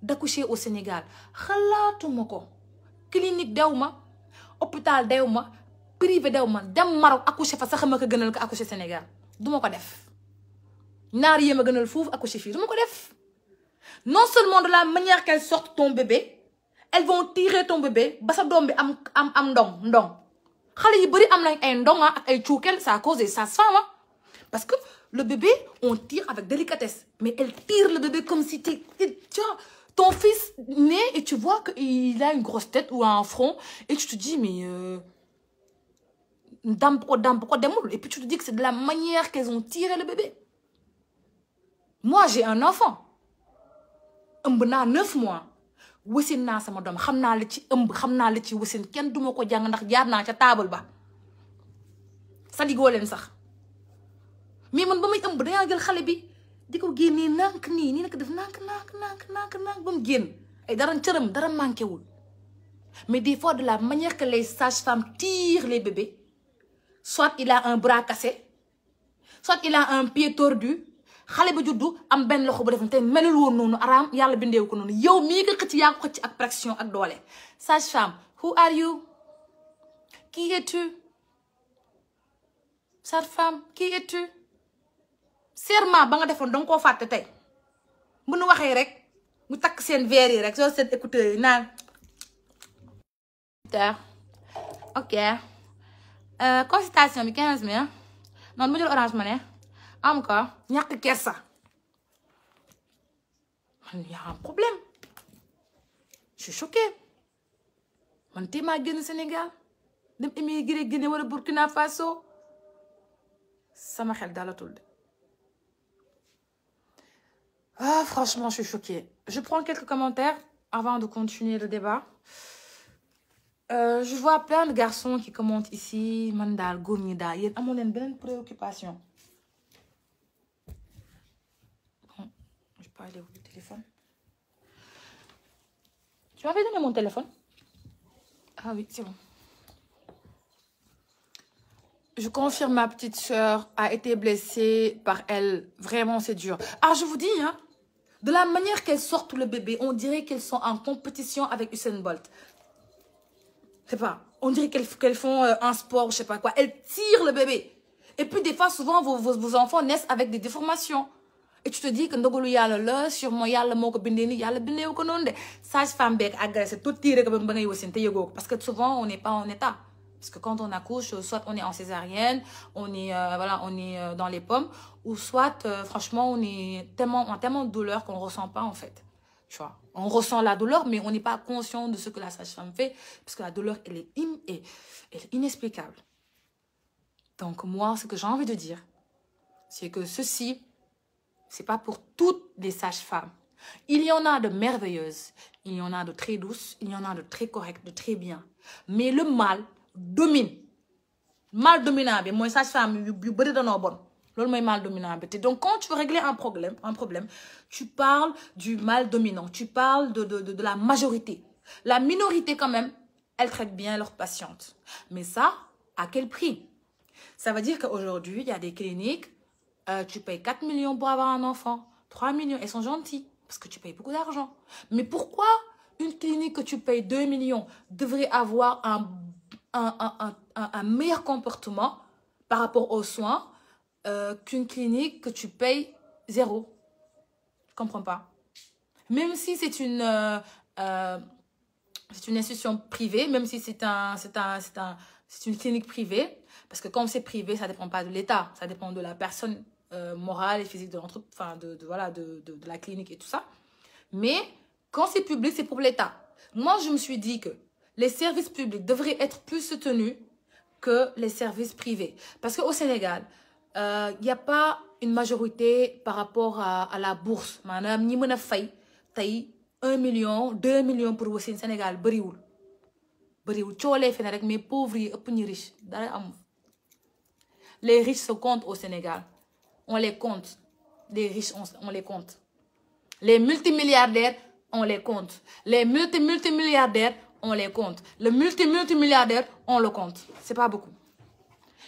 d'accoucher au Sénégal xalaatuma ko clinique dew ma hôpital dew ma privé dew ma dem Maroc accoucher fa sax ma ko gënal ko accoucher Sénégal duma ko def naar yéem a gënal foofu accoucher fii duma ko def non seulement de la manière qu'elles sortent ton bébé elles vont tirer ton bébé ba sa doom bi am am am ndong ndong xale yi bëri am nañ ay ndonga ak ay cuukeel ça cause des ça parce que le bébé on tire avec délicatesse mais elle tire le bébé comme si tu ton fils naît et tu vois que a une grosse tête ou un front et tu te dis mais dam ko dam ko demul et puis tu te dis que c'est de la manière qu'elles ont tiré le bébé moi j'ai un enfant ëmb neuf mois wasin naa sama doom xam naa la ci ëmb xam naa la ci wasin kenn duma ko jàng ndax jaar naa ca taabal ba sa digoo leen sax mais man ba muy ëmb dangaa jël xale bi di ko génnee nànk nii nii nag def nànk nànk nànk nànk nànk ba mu génn ay dara cëram dara manqué wul mais des fois de la manière que les sages-femmes tirent les bébés soit il a un bras cassé soit il a un pied tordu xale bi juddu am benn loxo bu defam te melul woon noonu araam yàlla bindeewu ko noonu yow mii nga xëcc yaa ko xëcc ak pression ak doole sage femme who are you qui es-tu sage femme qui es-tu serment ba nga defoon danga koo fàtte tey bu nu waxee rek mu takk seen verre yi rek soo seen écouteur yi naan ok euh, consultation bi quinze mille noonu mu jël ne am ka ñàkk kersa man y a un problème je suis choquée man tey maa génn Sénégal dem émigré e Guinée wala Burkina Faso sama xel dalatul de ah franchement je suis choquée je prends quelques commentaires avant de continuer le débat euh, je vois plein de garçons qui commentent ici man daal góor ñi daal yéen amoo leen beneen préoccupation parler au ah Je confirme, ma petite sœur a été blessée par elle. Vraiment, c'est dur. Ah, je vous dis, de la manière qu'elle sort tout le bébé, on dirait qu'elles sont en compétition avec Usain Bolt. pas, on dirait qu'elles font euh, un sport, je sais pas quoi. Elles tirent le bébé. Et puis, des fois, souvent, vos enfants naissent avec des déformations. et tu te dis que ndogalu yàlla la sûrement yàlla moo ko bindee nii yàlla bindee wu ko noonu de sage-femme beeg agressé tout tiré ko ba ngay wasin te yëgoo ko parce que souvent on n'est pas en état parce que quand on accouche soit on est en césarienne on est euh, voilà on est euh, dans les pommes ou soit euh, franchement on est tellement en tellement de douleur qu'on ressent pas en fait tu vois on ressent la douleur mais on n'est pas conscient de ce que la sage-femme fait parce que la douleur elle est in elle est inexplicable donc moi ce que j'ai envie de dire c'est que ceci c'est pas pour toutes les sages-femmes. Il y en a de merveilleuses, il y en a de très douces, il y en a de très correctes, de très bien. Mais le mal domine. mal dominant bi mooy sage-femme yu bëri danoo bon loolu mooy mal dominant bi te donc quand tu parles du mal dominant tu parles de la majorité la minorité quand même elle traite bien leurs patientes mais ça à quel prix ça veut dire qu'aujourd'hui il y a des cliniques euh, tu payes 4 millions pour avoir un enfant, 3 millions, elles sont gentilles parce que tu payes beaucoup d'argent. Mais pourquoi une clinique que tu payes 2 millions devrait avoir un, un, un, un meilleur comportement par rapport aux soins euh, qu'une clinique que tu payes zéro Je comprends pas. Même si c'est une, euh, euh c'est une institution privée, même si c'est un, c'est un, c'est une clinique privée, parce que comme c'est privé, ça ne dépend pas de l'État, ça dépend de la personne euh, morale et physique de voilà, la clinique et tout ça. Mais quand c'est public, c'est pour l'État. Moi, je me suis dit que les services publics devraient être plus soutenus que les services privés. Parce qu'au Sénégal, il euh, n'y a pas une majorité par rapport à, à la bourse. Madame, ni mon fay, taille 1 million, 2 millions pour vous, Sénégal, bariwul. bariwul coolee fene rek mais pauvres yi ëpp ñu riche dara amul les riches se comptent au Sénégal on les compte. Les riches, on, les compte. Les multimilliardaires, on les compte. Les multi-multimilliardaires, on les compte. Le multi-multimilliardaire, on le compte. C'est pas beaucoup.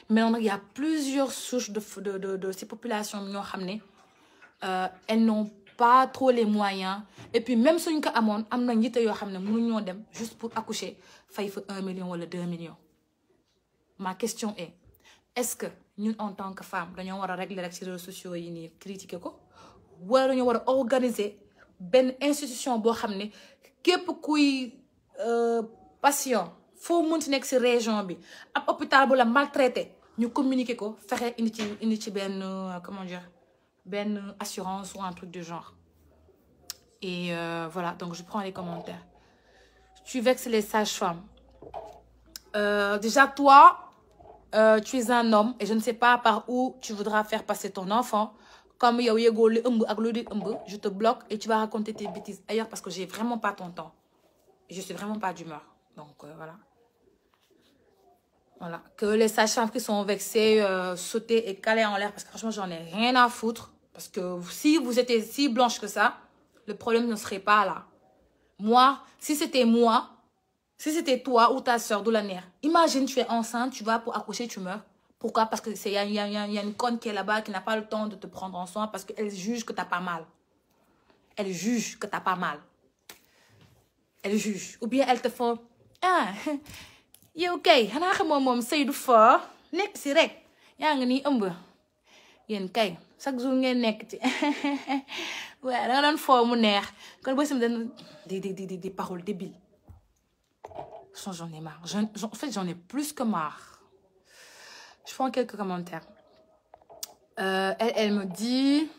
Mais il y a plusieurs souches de, de, de, de ces populations euh, elles n'ont pas trop les moyens. Et puis même si nous avons juste pour accoucher, il faut 1 million ou 2 millions. Ma question est, est-ce que ñun en tant que femme dañoo war a régler rek ci réseaux sociaux yi nii critiquer ko wala dañoo war a organiser benn institution boo xam ne képp kuy euh, patient foo munti nekk ci région bi ab hôpital bu la maltraité ñu communiquer ko fexe indi ci indi ci benn euh, comment dire benn assurance ou un truc du genre et euh, voilà donc je prends les commentaires tu vexes les sages-femmes déjà toi euh, tu es un homme et je ne sais pas par où tu voudras faire passer ton enfant comme yow yegoo li ëmb ak lu di ëmb je te bloque et tu vas raconter tes bêtises ailleurs parce que j'ai vraiment pas ton temps je suis vraiment pas d'humeur donc euh, voilà voilà que les sages-femmes qui sont vexées euh, sauter et caler en l'air parce que franchement j'en ai rien à foutre parce que si vous étiez si blanche que ça le problème ne serait pas là moi si c'était moi Si c'était toi ou ta soeur d'où la nerf, imagine tu es enceinte, tu vas pour accoucher, tu meurs. Pourquoi Parce qu'il y a, y, a, y a une conne qui est là-bas qui n'a pas le temps de te prendre en soin parce qu'elle juge que tu n'as pas mal. Elle juge que tu n'as pas mal. Elle juge. Ou bien elle te fait Ah, <laughs> yow kay xanaa xamoo moom sëy du foo nekk si rek yaa ngi nii ëmb yéen kay chaque jour ngeen nekk ci waaw <laughs> da nga doon foo mu neex kon boo si di di di di parole débile. J'en ai marre. J en, j en, en fait, j'en ai plus que marre. Je prends quelques commentaires. Euh, elle, elle me dit...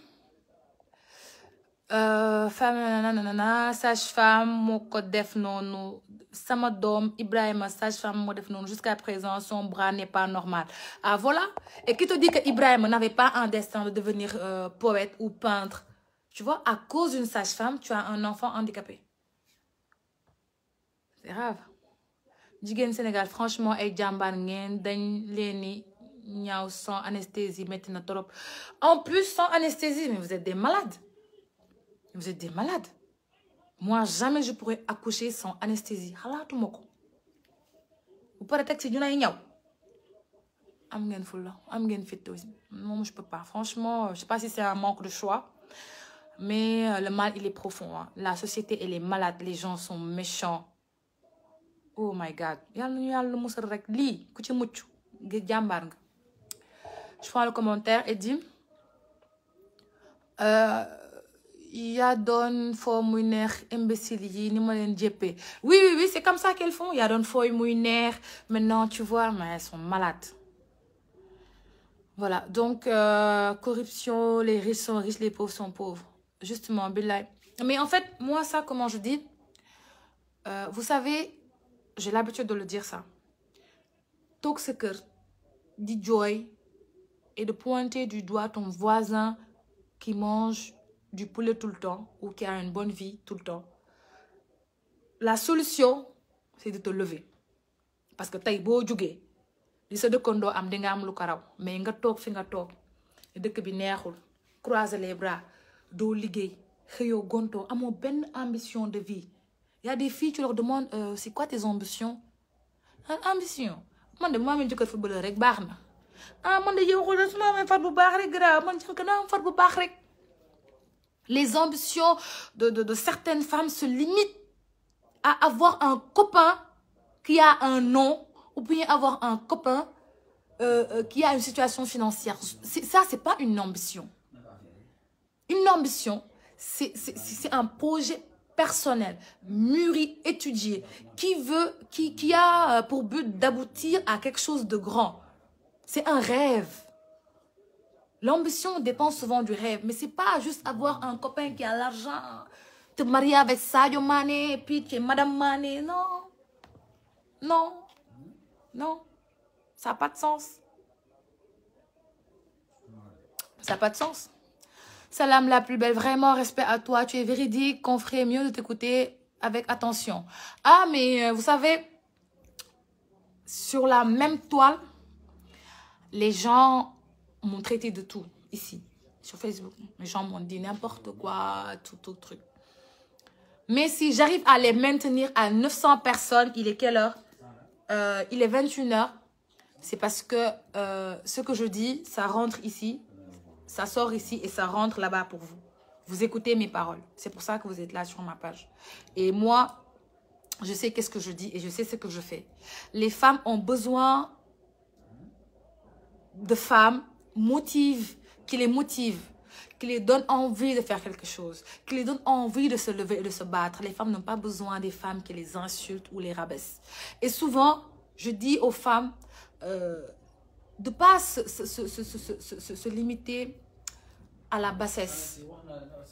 Euh, femme nanana nanana sage-femme moo ko def noonu sama doom Ibrahima sage-femme moo def noonu jusqu'à présent son bras n'est pas normal ah voilà et qui te dit que Ibrahima n'avait pas un destin de devenir euh, poète ou peintre tu vois à cause d'une sage-femme tu as un enfant handicapé c'est grave jigéen Sénégal franchement ay jàmbaar ngeen dañ leen ni ñaaw sans anesthésie métti na trop en plus sans anesthésie mais vous êtes des malades vous êtes des malades moi jamais je pourrais accoucher sans anesthésie xalaatuma ko bu pare teg ci ñu nay ñaw am ngeen fulla am ngeen fit aussi moom je peux pas franchement je sais pas si un manque de choix mais euh, le mal il est profond la société elle est malade les gens sont méchants oh my god yàlla nañu yàlla musal rek lii ku ci mucc ngir jàmbaar nga je prends le commentaire et dit yaa doon foo muy neex imbécile yi ni ma leen jéppee oui oui oui c'est comme ça qu'elles font yaa doon fooy muy neex maintenant tu vois mais elles sont malades voilà donc euh, corruption les riches sont riches les pauvres sont pauvres justement billaay mais en fait moi ça comment je dis euh, vous savez j'ai l'habitude de le dire ça toog sa kër di jooy et de pointer du doigt ton voisin qui mange du poulet tout le temps ou qui a une bonne vie tout le temps la solution c'est de te lever parce que tey boo jugee di sa dëkkandoo am di nga am lu ko raw mais nga toog fi nga toog dëkk bi neexul croiser les bras doo liggéey xëyoo gontoo amoo benn ambition de vie y a des filles tu leur demandes euh, c'est quoi tes ambitions ah ambition man de bu ma amee jëkkër footballeur rek baax na ah man de yow xoolal su ma amee far bu baax rek grave man jëkkër naa am far bu baax rek. les ambitions de de de certaines femmes se limitent à avoir un copain qui a un nom ou bien avoir un copain euh, euh qui a une situation financière c'est ça c'est pas une ambition une ambition c'est c'est c'est un projet personnel, mûri, étudié, qui veut, qui, qui a euh, pour but d'aboutir à quelque chose de grand. C'est un rêve. L'ambition dépend souvent du rêve, mais c'est pas juste avoir un copain qui a l'argent, te marier avec Sadio Mané, puis tu es Madame Mané, non. Non. Non. Ça n'a pas de sens. Ça n'a pas de sens. Salam, la plus belle, vraiment, respect à toi. Tu es véridique, qu'on ferait mieux de t'écouter avec attention. Ah, mais euh, vous savez, sur la même toile, les gens m'ont traité de tout, ici, sur Facebook. Les gens m'ont dit n'importe quoi, tout, tout truc. Mais si j'arrive à les maintenir à 900 personnes, il est quelle heure euh, Il est 21h. C'est parce que euh, ce que je dis, ça rentre ici ça sort ici et ça rentre là-bas pour vous. Vous écoutez mes paroles. C'est pour ça que vous êtes là sur ma page. Et moi, je sais qu'est-ce que je dis et je sais ce que je fais. Les femmes ont besoin de femmes motives, qui les motivent, qui les donnent envie de faire quelque chose, qui les donnent envie de se lever et de se battre. Les femmes n'ont pas besoin des femmes qui les insultent ou les rabaissent. Et souvent, je dis aux femmes, euh, de pas se, se, se, se limiter à la bassesse,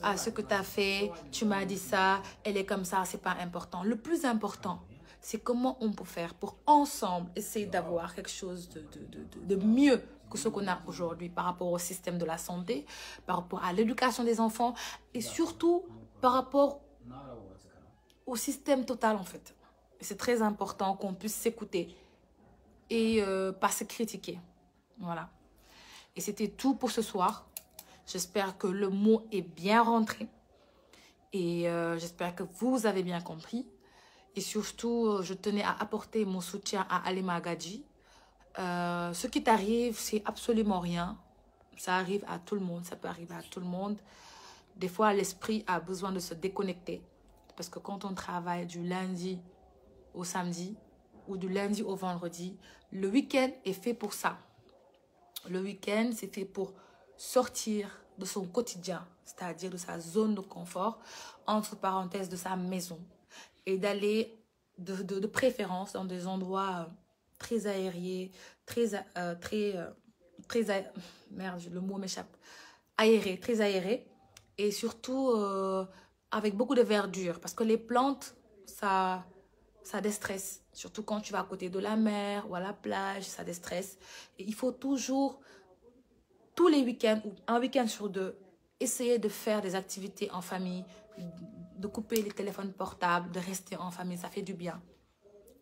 à ce que tu as fait, tu m'as dit ça, elle est comme ça, c'est pas important. Le plus important, c'est comment on peut faire pour ensemble essayer d'avoir quelque chose de, de, de, de, mieux que ce qu'on a aujourd'hui par rapport au système de la santé, par rapport à l'éducation des enfants et surtout par rapport au système total en fait. C'est très important qu'on puisse s'écouter et euh, pas se critiquer. Voilà. Et c'était tout pour ce soir. J'espère que le mot est bien rentré. Et euh, j'espère que vous avez bien compris. Et surtout, euh, je tenais à apporter mon soutien à Alima Gadji. Euh, ce qui t'arrive, c'est absolument rien. Ça arrive à tout le monde. Ça peut arriver à tout le monde. Des fois, l'esprit a besoin de se déconnecter. Parce que quand on travaille du lundi au samedi ou du lundi au vendredi, le week-end est fait pour ça. Le week-end, c'est fait pour sortir de son quotidien, c'est-à-dire de sa zone de confort, entre parenthèses de sa maison, et d'aller de, de, de, préférence dans des endroits euh, très aériés, très, euh, très, euh, très a... <laughs> merde, le mot m'échappe, aéré, très aéré, et surtout euh, avec beaucoup de verdure, parce que les plantes, ça, ça déstresse. Surtout quand tu vas à côté de la mer ou à la plage, ça déstresse. Et il faut toujours, tous les week-ends ou un week-end sur deux, essayer de faire des activités en famille, de couper les téléphones portables, de rester en famille, ça fait du bien.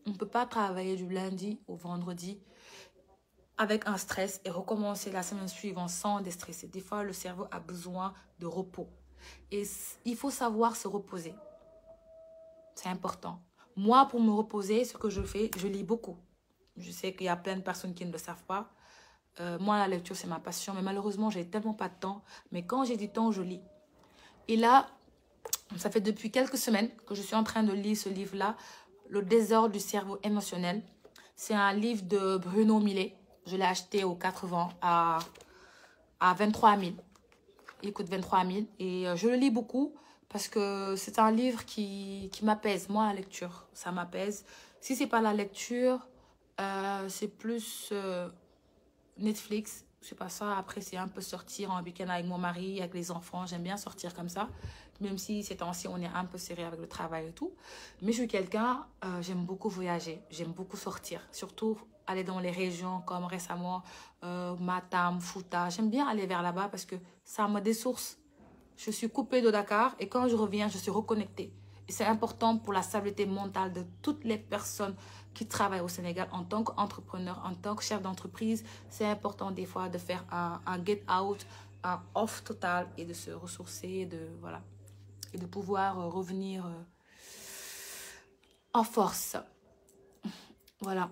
On ne peut pas travailler du lundi au vendredi avec un stress et recommencer la semaine suivante sans déstresser. Des fois, le cerveau a besoin de repos. Et il faut savoir se reposer. C'est important. Moi, pour me reposer, ce que je fais, je lis beaucoup. Je sais qu'il y a plein de personnes qui ne le savent pas. Euh, moi, la lecture, c'est ma passion. Mais malheureusement, j'ai tellement pas de temps. Mais quand j'ai du temps, je lis. Et là, ça fait depuis quelques semaines que je suis en train de lire ce livre-là, Le désordre du cerveau émotionnel. C'est un livre de Bruno Millet. Je l'ai acheté aux 80 à, à 23 000. Il coûte 23 000. Et euh, je le lis beaucoup. parce que c'est un livre qui, qui m'apaise, moi, la lecture, ça m'apaise. Si c'est pas la lecture, euh, c'est plus euh, Netflix, c'est pas ça. Après, c'est un peu sortir en week-end avec mon mari, avec les enfants, j'aime bien sortir comme ça. Même si ces temps-ci, on est un peu serré avec le travail et tout. Mais je suis quelqu'un, euh, j'aime beaucoup voyager, j'aime beaucoup sortir. Surtout aller dans les régions comme récemment, euh, Matam, Fouta. J'aime bien aller vers là-bas parce que ça me ressources je suis coupée de Dakar et quand je reviens, je suis reconnectée. Et c'est important pour la stabilité mentale de toutes les personnes qui travaillent au Sénégal en tant qu'entrepreneur, en tant que chef d'entreprise. C'est important des fois de faire un, un get out, un off total et de se ressourcer, de, voilà, et de pouvoir euh, revenir euh, en force. Voilà.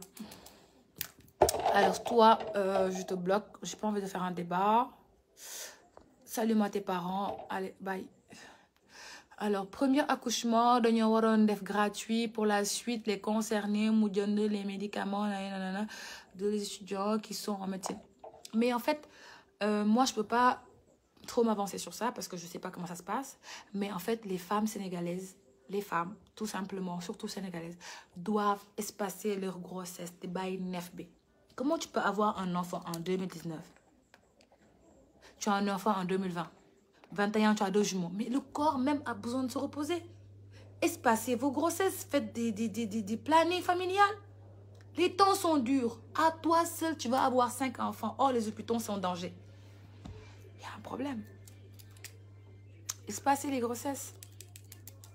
Alors toi, euh, je te bloque. J'ai pas envie de faire un débat. salue-moi tes parents alors premier accouchement dañoo waroon def gratuit pour la suite les concernés mu jënd les médicaments nanana de les étudiants qui sont en médecine mais en fait euh, moi je peux pas trop m'avancer sur ça parce que je sais pas comment ça se passe mais en fait les femmes sénégalaises les femmes tout simplement surtout sénégalaises doivent espacer leur grossesse te bàyyi neef bi comment tu peux avoir un enfant en 2019 tu as un enfant en 2020. 21, tu as deux jumeaux. Mais le corps même a besoin de se reposer. Espacez vos grossesses, faites des, des, des, des, des plannings familiales. Les temps sont durs. À toi seul, tu vas avoir cinq enfants. Or, oh, les hôpitaux sont en danger. Il y a un problème. Espacez les grossesses.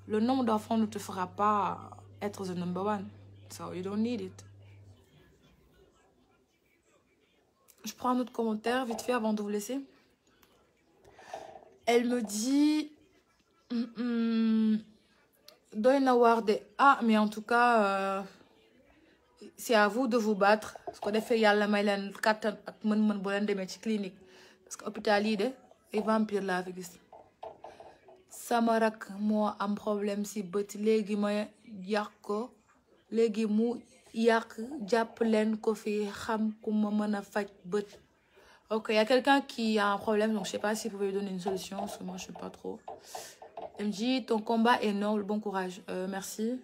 Le nombre d'enfants ne te fera pas être the number one. So, you don't need it. Je prends un autre commentaire vite fait avant de vous laisser. elle me dit mm, mm, doy na waar de ah mais en tout euh, c'est à vous de vous battre su ko defee yàlla may leen kàttan ak mën-mën bo leen demee ci clinique parce que hôpital yi de ay vampire laa fi gis sama rak moo am problème si bët léegi ma yàq ko léegi mu yàq jàpp leen ko fi xam ku ma mën a faj bët Ok, il y a quelqu'un qui a un problème, donc je sais pas si vous pouvez lui donner une solution. En ce moment, je sais pas trop. Elle me dit, ton combat est noble, bon courage. Euh, merci.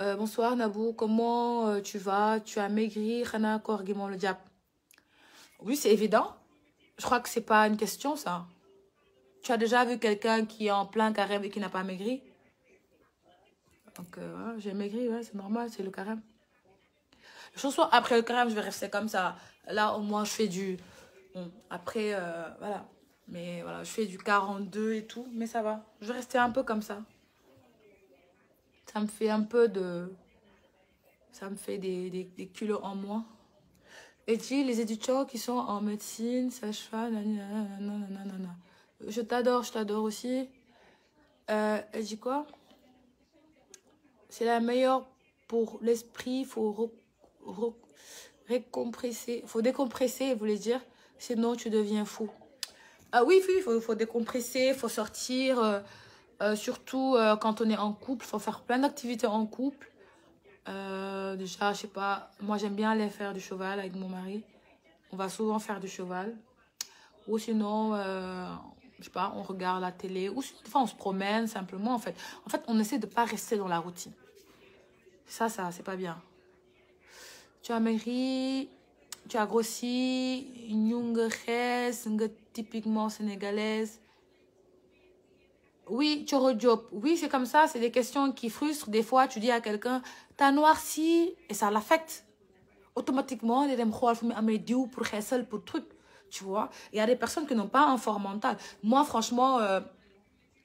Euh, bonsoir Nabou, comment euh, tu vas Tu as maigri, Rana Korgimon le diable. Oui, c'est évident. Je crois que c'est pas une question, ça. Tu as déjà vu quelqu'un qui est en plein carême et qui n'a pas maigri Donc, euh, ouais, j'ai maigri, ouais, c'est normal, c'est le carême. Je pense après le carême, je vais rester comme ça. Là, au moins, je fais du Bon, après, euh, voilà. Mais voilà, je fais du et tout, mais ça va. Je vais rester un peu comme ça. Ça me fait un peu de... Ça des, des, en moins. Et dit les étudiants qui sont en médecine, sage-femme, Je t'adore, je t'adore aussi. Euh, elle quoi C'est la meilleure pour l'esprit, faut re, faut décompresser, vous voulez dire. Sinon, tu deviens fou. Ah oui, oui, il faut, faut, décompresser, il faut sortir. Euh, euh, surtout euh, quand on est en couple, il faut faire plein d'activités en couple. Euh, déjà, je sais pas, moi j'aime bien aller faire du cheval avec mon mari. On va souvent faire du cheval. Ou sinon, euh, je sais pas, on regarde la télé. Ou des fois, on se promène simplement en fait. En fait, on essaie de pas rester dans la routine. Ça, ça, c'est pas bien. Tu as maigri, tu as grossi ñu nga xees nga typiquement sénégalaise oui Thioro Diop oui c'est comme ça c'est des questions qui frustrent des fois tu dis à quelqu'un t'as noirci et ça l'affecte automatiquement day dem xool fu mu amee diw pour xeesal pour truc tu vois il y a des personnes qui n'ont pas un fort mental moi franchement euh,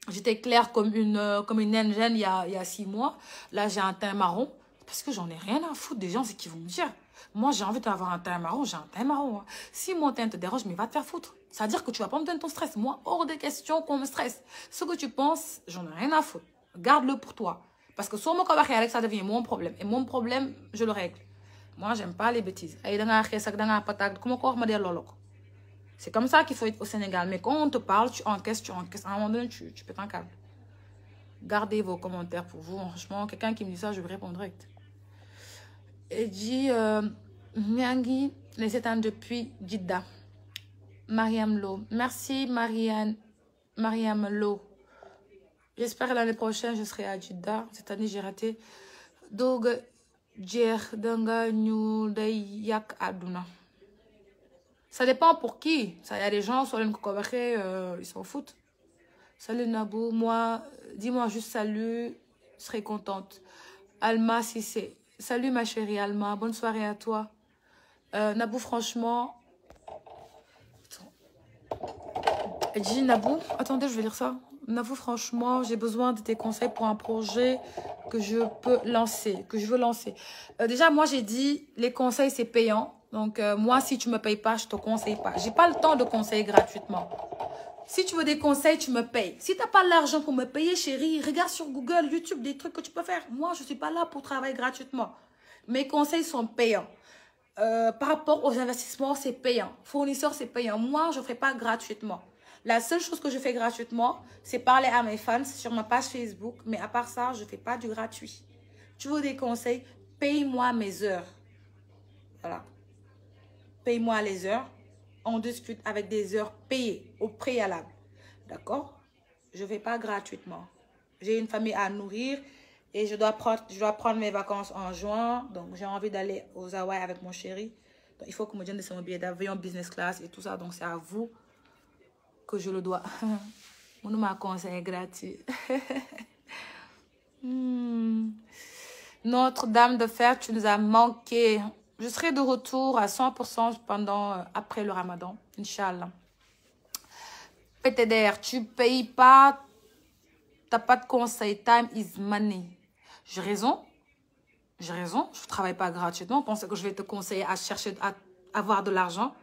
j'étais claire comme une euh, comme une naine jeune il y a il y a six mois là j'ai un teint marron parce que j'en ai rien à foutre des gens c'est qu'ils vont me dire Moi, j'ai envie d'avoir un teint marron, j'ai un teint marron. Hein. Si mon teint te dérange, mais va te faire foutre. C'est-à-dire que tu vas pas me donner ton stress. Moi, hors de question qu'on me stresse. Ce que tu penses, j'en ai rien à foutre. Garde-le pour toi. Parce que sur mon cabaret, Alex, C'est comme ça qu'il faut être au Sénégal. Mais quand on te parle, tu encaisses, tu encaisses. À un moment donné, tu, tu pètes un Gardez vos commentaires pour vous. Franchement, ji ñaa euh, ngi les seetaan depuis Jidda Mariam Lo merci Marianne j'espère l'année prochaine je serai à Jidda cette année j'ai raté doog a jeex danga ñu day yàq àdduna ça dépend pour qui ça y a des gens soo leen ko ko waxee euh, ils s'en foutent salut moi dis-moi juste salut serai contente Alma Cissé Salut ma chérie Alma, bonne soirée à toi. Euh, Nabou, franchement... Elle dit Nabou, attendez, je vais lire ça. Nabou, franchement, j'ai besoin de tes conseils pour un projet que je peux lancer, que je veux lancer. Euh, déjà, moi, j'ai dit, les conseils, c'est payant. Donc, euh, moi, si tu ne me payes pas, je ne te conseille pas. Je n'ai pas le temps de conseiller gratuitement. Si tu veux des conseils, tu me payes. Si tu n'as pas l'argent pour me payer, chérie, regarde sur Google, YouTube, des trucs que tu peux faire. Moi, je ne suis pas là pour travailler gratuitement. Mes conseils sont payants. Euh, par rapport aux investissements, c'est payant. Fournisseurs, c'est payant. Moi, je ne ferai pas gratuitement. La seule chose que je fais gratuitement, c'est parler à mes fans sur ma page Facebook. Mais à part ça, je ne fais pas du gratuit. Tu veux des conseils Paye-moi mes heures. Voilà. Paye-moi les heures on discute avec des heures payées au préalable. D'accord Je ne vais pas gratuitement. J'ai une famille à nourrir et je dois, prendre, mes vacances en juin. Donc, j'ai envie d'aller aux Hawaï avec mon chéri. il faut que me donne de mon billet d'avion, business class et tout ça. Donc, c'est à vous que je le dois. <laughs> Mon m'a conseil gratuit. <laughs> hmm. Notre-Dame de Fer, tu nous as manqué. Je serai de retour à 100% pendant, euh, après le ramadan, Inch'Allah. PTDR, tu payes pas, t'as pas de conseil, time is money. J'ai raison, j'ai raison, je travaille pas gratuitement. Pensez que je vais te conseiller à chercher, à avoir de l'argent.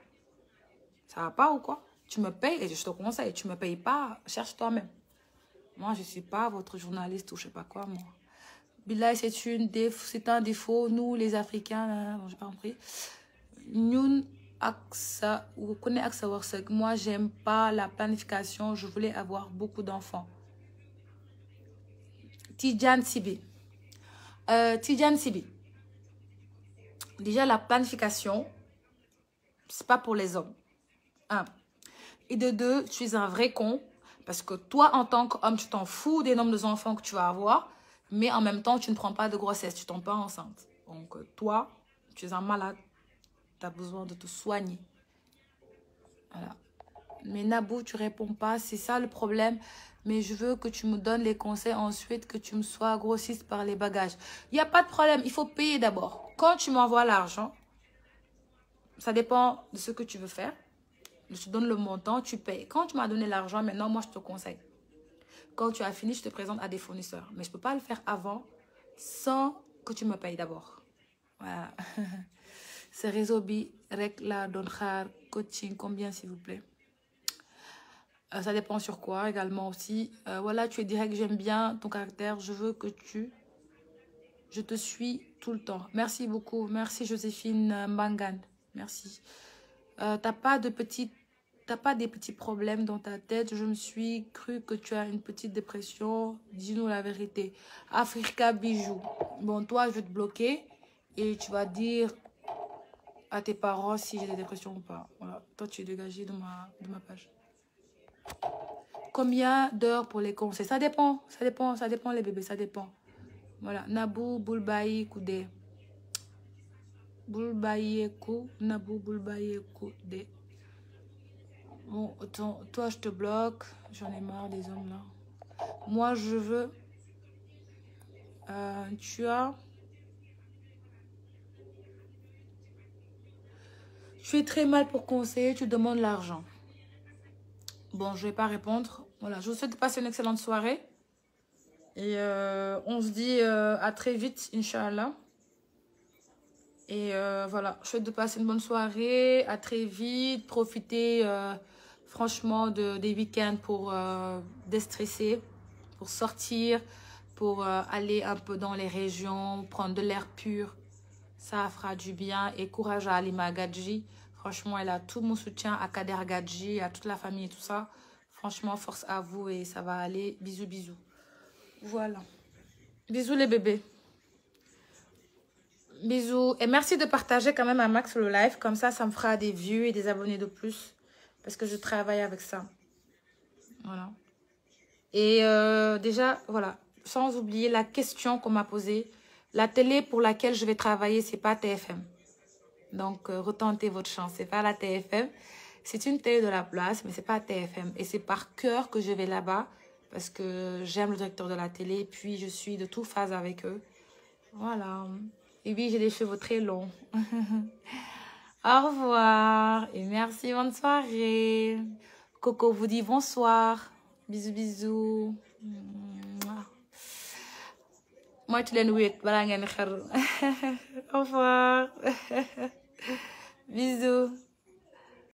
Ça va pas ou quoi Tu me payes et je te conseille. Tu me payes pas, cherche toi-même. Moi, je suis pas votre journaliste ou je sais pas quoi, moi. billaay c'est une déf c'est un défaut nous les africains euh, bon j'ai pas compris ñun ak sa ak sa wërsëg moi j'aime pas la planification je voulais avoir beaucoup d'enfants Tidiane Sibi euh, Tidiane déjà la planification c'est pas pour les hommes et de deux tu un vrai con parce que toi en tant qu'homme tu t'en fous des nombres d'enfants que tu vas Mais en même temps, tu ne prends pas de grossesse, tu tombes pas enceinte. Donc, euh, toi, tu es un malade. Tu as besoin de te soigner. Voilà. Mais Nabou, tu réponds pas. C'est ça le problème. Mais je veux que tu me donnes les conseils ensuite, que tu me sois grossiste par les bagages. Il n'y a pas de problème. Il faut payer d'abord. Quand tu m'envoies l'argent, ça dépend de ce que tu veux faire. Je te donne le montant, tu payes. Quand tu m'as donné l'argent, maintenant, moi, je te conseille. Quand tu as fini, je te présente à des fournisseurs. Mais je ne peux pas le faire avant sans que tu me payes d'abord. Voilà. <laughs> C'est réseau bi, rec, la, donjar, coaching, combien s'il vous plaît euh, Ça dépend sur quoi également aussi. Euh, voilà, tu es direct, j'aime bien ton caractère, je veux que tu... Je te suis tout le temps. Merci beaucoup. Merci Joséphine Mangan. Merci. Euh, T'as pas de petite t'as pas des petits problèmes dans ta tête. Je me suis cru que tu as une petite dépression. Dis-nous la vérité. Africa Bijoux. Bon, toi, je vais te bloquer et tu vas dire à tes parents si j'ai des dépressions ou pas. Voilà. Toi, tu es dégagé de ma, de ma page. Combien d'heures pour les conseils Ça dépend. Ça dépend. Ça dépend, les bébés. Ça dépend. Voilà. Nabou, Boulbaï, Koudé. Boulbaï, Kou. Nabou, Boulbaï, Koudé. Bon, ton, toi, je te bloque. J'en ai marre des hommes, là. Moi, je veux... Euh, tu as... Tu fais très mal pour conseiller, tu demandes l'argent. Bon, je ne vais pas répondre. Voilà, je vous souhaite de passer une excellente soirée. Et euh, on se dit euh, à très vite, Inch'Allah. Et euh, voilà, je souhaite de passer une bonne soirée. À très vite. Profitez... Euh, franchement de, des week euh, pour sortir, pour euh, aller un peu dans les régions, prendre de l'air pur. Ça fera du bien et courage à Gadji. Franchement, elle a tout mon soutien à Kader Gadji, à toute la famille et tout ça. force à vous et ça va aller. Bisous, bisous. Et merci de partager quand même un max le Comme ça, me fera des vues et des abonnés de plus. parce que je travaille avec ça. Voilà. Et euh, déjà, voilà, sans oublier la question qu'on m'a posée, la télé pour laquelle je vais travailler, c'est pas TFM. Donc, euh, retentez votre chance, c'est pas la TFM. C'est une télé de la place, mais c'est pas TFM. Et c'est par cœur que je vais là-bas, parce que j'aime le directeur de la télé, puis je suis de toute phase avec eux. Voilà. Et oui, j'ai des cheveux très longs. <laughs> Au revoir et merci, bonne soirée. Coco vous dit bonsoir. Bisous, bisous. moytu leen wéet balaa ngeen xaru <laughs> au revoir <laughs> bisous